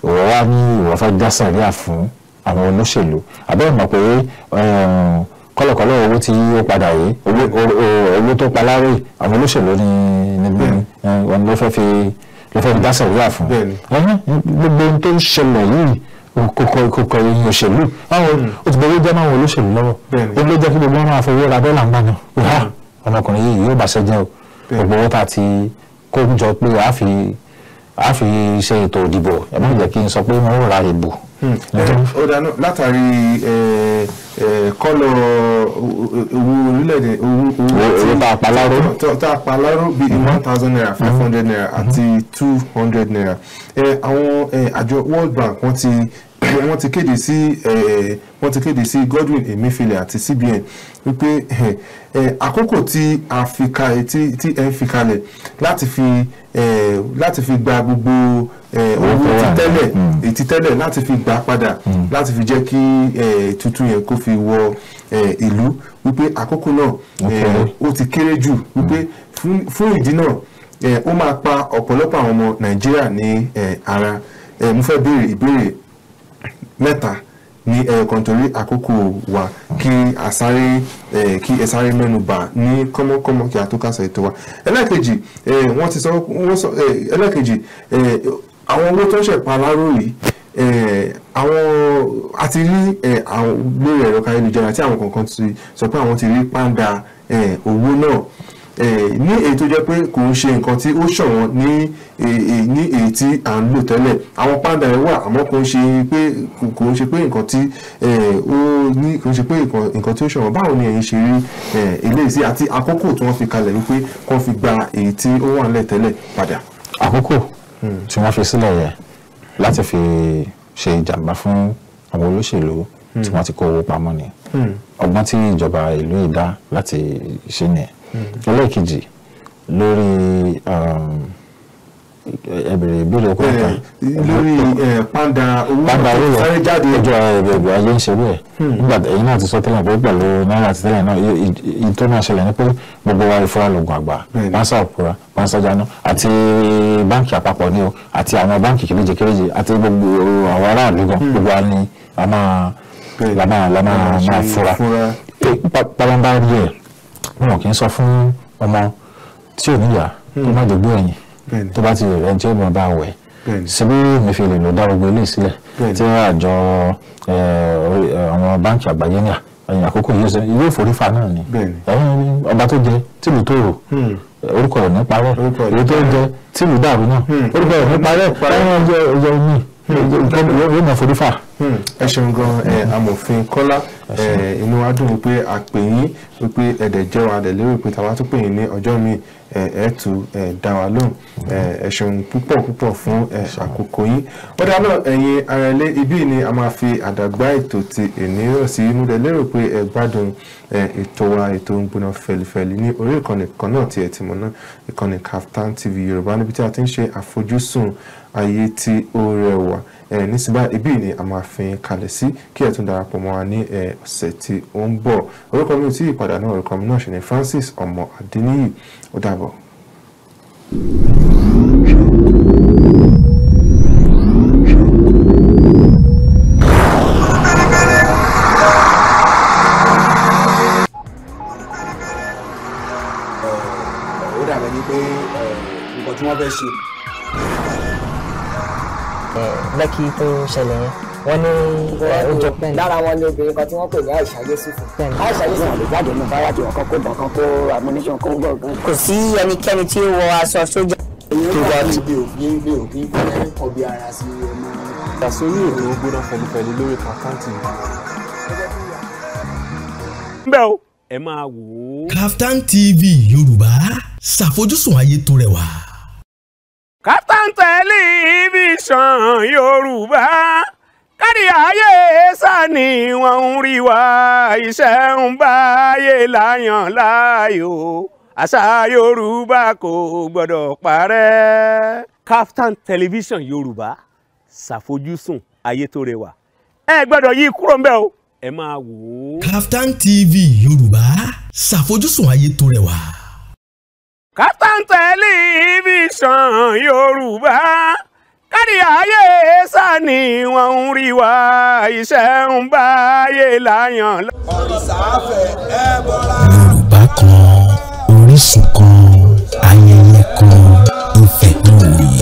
ìwọ wá ní ìwọ fẹ́ dá sàríà fún àwọn olóṣèlú àbẹ́rẹ́ mọ̀ pé kọ́lọ̀kọ́lọ̀ owó tí ó padà yìí owó tó pa láre àwọn olóṣèlú ni òun eh, ló fẹ́ fi ló fẹ́ dá sàrúrà fún gbogbo ohun tó ń ṣẹlẹ̀ yìí kòkò ìkòkò ìyìn òṣèlú àwọn òtùbọ̀wé hmm. jẹ́ máa wọn olóṣèlú lọ́wọ́ ó ló jẹ́ kí gbogbo ọmọ àfọwọ́ra dọ́là ń bá yàn hmm. wá ọmọkùnrin yìí yóò bá ṣẹ́jẹ́ o gbogbo owó ti kó jọ pé a fi ṣe ètò ìdìbò ẹ má jẹ́ kí n sọ pé wọ́n rà ìbò Mm-hmm. ó dáná látàrí kọ́lọ̀ owó orílẹ̀-èdè owó tá a paláró tá a paláró bíi mm-hmm. one thousand naira five hundred mm-hmm. naira àti two hundred naira àwọn àjọ World Bank wọ́n ti pé wọ́n ti kéde sí wọ́n ti kéde sí Godwin Emefiele àti CBN wípé àkókò tí a fi ka tí ẹ fi kalẹ̀ láti fi láti fi gba gbogbo owó títẹ́lẹ̀ ìtítẹ́lẹ̀ hmm. láti fi gbà padà hmm. láti fi jẹ́ kí tuntun yẹn kó fi wọ ìlú wípé àkókò náà ó ti kéré jù wípé hmm. fún ìdí náà ó máa pa ọ̀pọ̀lọpọ̀ àwọn ọmọ Nàìjíríà ní ara mo fẹ́ béèrè ìbéèrè mẹ́ta ní ẹyọkan eh, torí àkókò wa kí àsáré eh, kí ẹ sáré mẹ́nu bà ní kọ́mọ́kọ́mọ́ kí a tó kásẹ̀ ètò wa ẹlẹ́ẹ̀kejì eh, wọ́n ti sọ wọ́n sọ ẹlẹ́ẹ̀kejì àwọn owó tó ń ṣẹ̀pá aláró yìí àwọn àti rí àwọn lórí ẹ̀rọ káyélujára tí àwọn kọ̀ọ̀kan ti sọ pé àwọn ti rí pàǹdà owó náà ní èyí tó jẹ́ pé kò ń ṣe nǹkan tí ó ṣọ̀wọ́n ní ní èyí tí à ń lò tẹ́lẹ̀ àwọn pàdà ẹ̀ wà àmọ́ kò ń ṣe pé kò ń ṣe pé nǹkan tí ó ní kò ń ṣe pé nǹkan tí ó ṣọ̀wọ́n báwo ni ẹ̀yin ṣe rí eléyìí sí àti àkókò tí wọ́n fi kalẹ̀ wípé kó fi gba èyí tí ó wà nílẹ̀ tẹ́lẹ̀ padà. àkókò hmm. tí wọ́n fi sílẹ̀ yẹn láti fi ṣe ìjàmbá fún àwọn olóṣèlú tí hmm. wọ́n ti kó owó pamọ́ ni hmm. ọgbọ́n tí ìjọba ìlú ìdá láti ṣe nìyẹn ẹlẹ́ẹ̀kejì lórí ẹbẹrẹ ìbéèrè ọkọ kan lórí panda owó sáré jáde ọjọ́ ẹbẹrẹ ayé ń ṣe bẹ́ẹ̀ nígbà náà ti sọ tẹ́lẹ̀ pé pẹ̀lú náírà àti tẹ́lẹ̀ náà ìtọ́ náà ṣẹlẹ̀ ni pé gbogbo wọn kì í sọ fún ọmọ tí ò níyà tó má dégbé ẹ̀yìn tó bá ti rẹ̀ ẹni tí ó mọ̀ bá wẹ̀ síbí Emefiele ló dá gbogbo eléyìí sílẹ̀ tí àjọ àwọn báńkì àgbáyé ní àyìn àkókò yìí ilé ìforífà náà ni ọba tó jẹ tìlú tó rò hmm. orúkọ rẹ̀ ní parẹ́ èyí tó jẹ tìlú dàrú náà hmm. orúkọ rẹ̀ ní parẹ́ ẹ̀yìn ọjọ́ omi yóò mọ̀ forí fà. Hmm, ẹ ṣeun gan amòfin kọ́lá inú wa dùn wípé a pè yín wípé ẹ̀dẹ̀ jẹ́ wa dẹ̀ lérò pé tàwa tún pè yín ní ọjọ́ míì ẹ̀ tù dá wa lóhùn ẹ ṣeun púpọ̀ púpọ̀ fún àkókò yín. ó dá lọ ẹ̀yin ara ilé ibí ni a máa fi àdàgbà ètò ti ènìyàn sí inú dẹ̀ lérò pé ẹ gbádùn ètò wa ètò ń gbóná fẹ̀lifẹ̀li ní orí ìkànnì kan náà tí ẹ ti mọ̀ náà ìkànnì Kaftan TV Yorùbá níbi tí a ti ń ṣe àfojúsùn ayé tí ó rẹwà nísìnyí ibí ni a máa fi kalẹ̀ sí kí ẹ tún darapọ̀ mọ́ wa ní ọ̀sẹ̀ tí ó ń bọ̀ orúkọ mi tí ìpàdánù orúkọ mi náà ṣe ni Francis ọmọ Adéníyì ó dàbọ̀. tó ṣẹlẹ̀ yẹn wọ́n ní ọjọ́ eh, pẹ́ẹ́n. lára wọn ni obìnrin kan tí wọ́n pè ní Aisha Yusufu. Aisha Yusufu lè jáde nù báyà tí ọkọ kó bọ̀ kan kó ammunition kó gbọ̀ gan. kò sí ẹnikẹ́ni tí ó wọ aṣọ sójà. èyí ó bá ti bí òfin bí òfin fẹ́ ọbẹ̀ ara sí ọmọ. ìdásórí èrò ó gbóná pẹ̀lúpẹ̀lú lórí kàkáǹtì bẹ́ẹ̀ o ẹ máa wò ó. Kaftan TV Yorùbá ṣàfojúsùn ayé tó rẹwà. Kaftan tẹ̀lé tẹ̀sán yorùbá kárí ayé sani wọn ń rí wa iṣẹ́ ń bá láyàn láàyò àṣà yorùbá kò gbọ́dọ̀ parẹ́. Kaftan television yorùbá ṣàfojúsùn ayé tó rẹwà ẹ gbọ́dọ̀ yí kúrò ń bẹ̀ o ẹ máa wò ó. Kaftan TV yorùbá ṣàfojúsùn ayé tó rẹwà. Kaftan television yorùbá kárí ayé sani wọn ń rí wa iṣẹ́ ń bá ayé láyàn. òrìṣà fẹ́ ẹ bọ́ra. yorùbá kan orísun kan.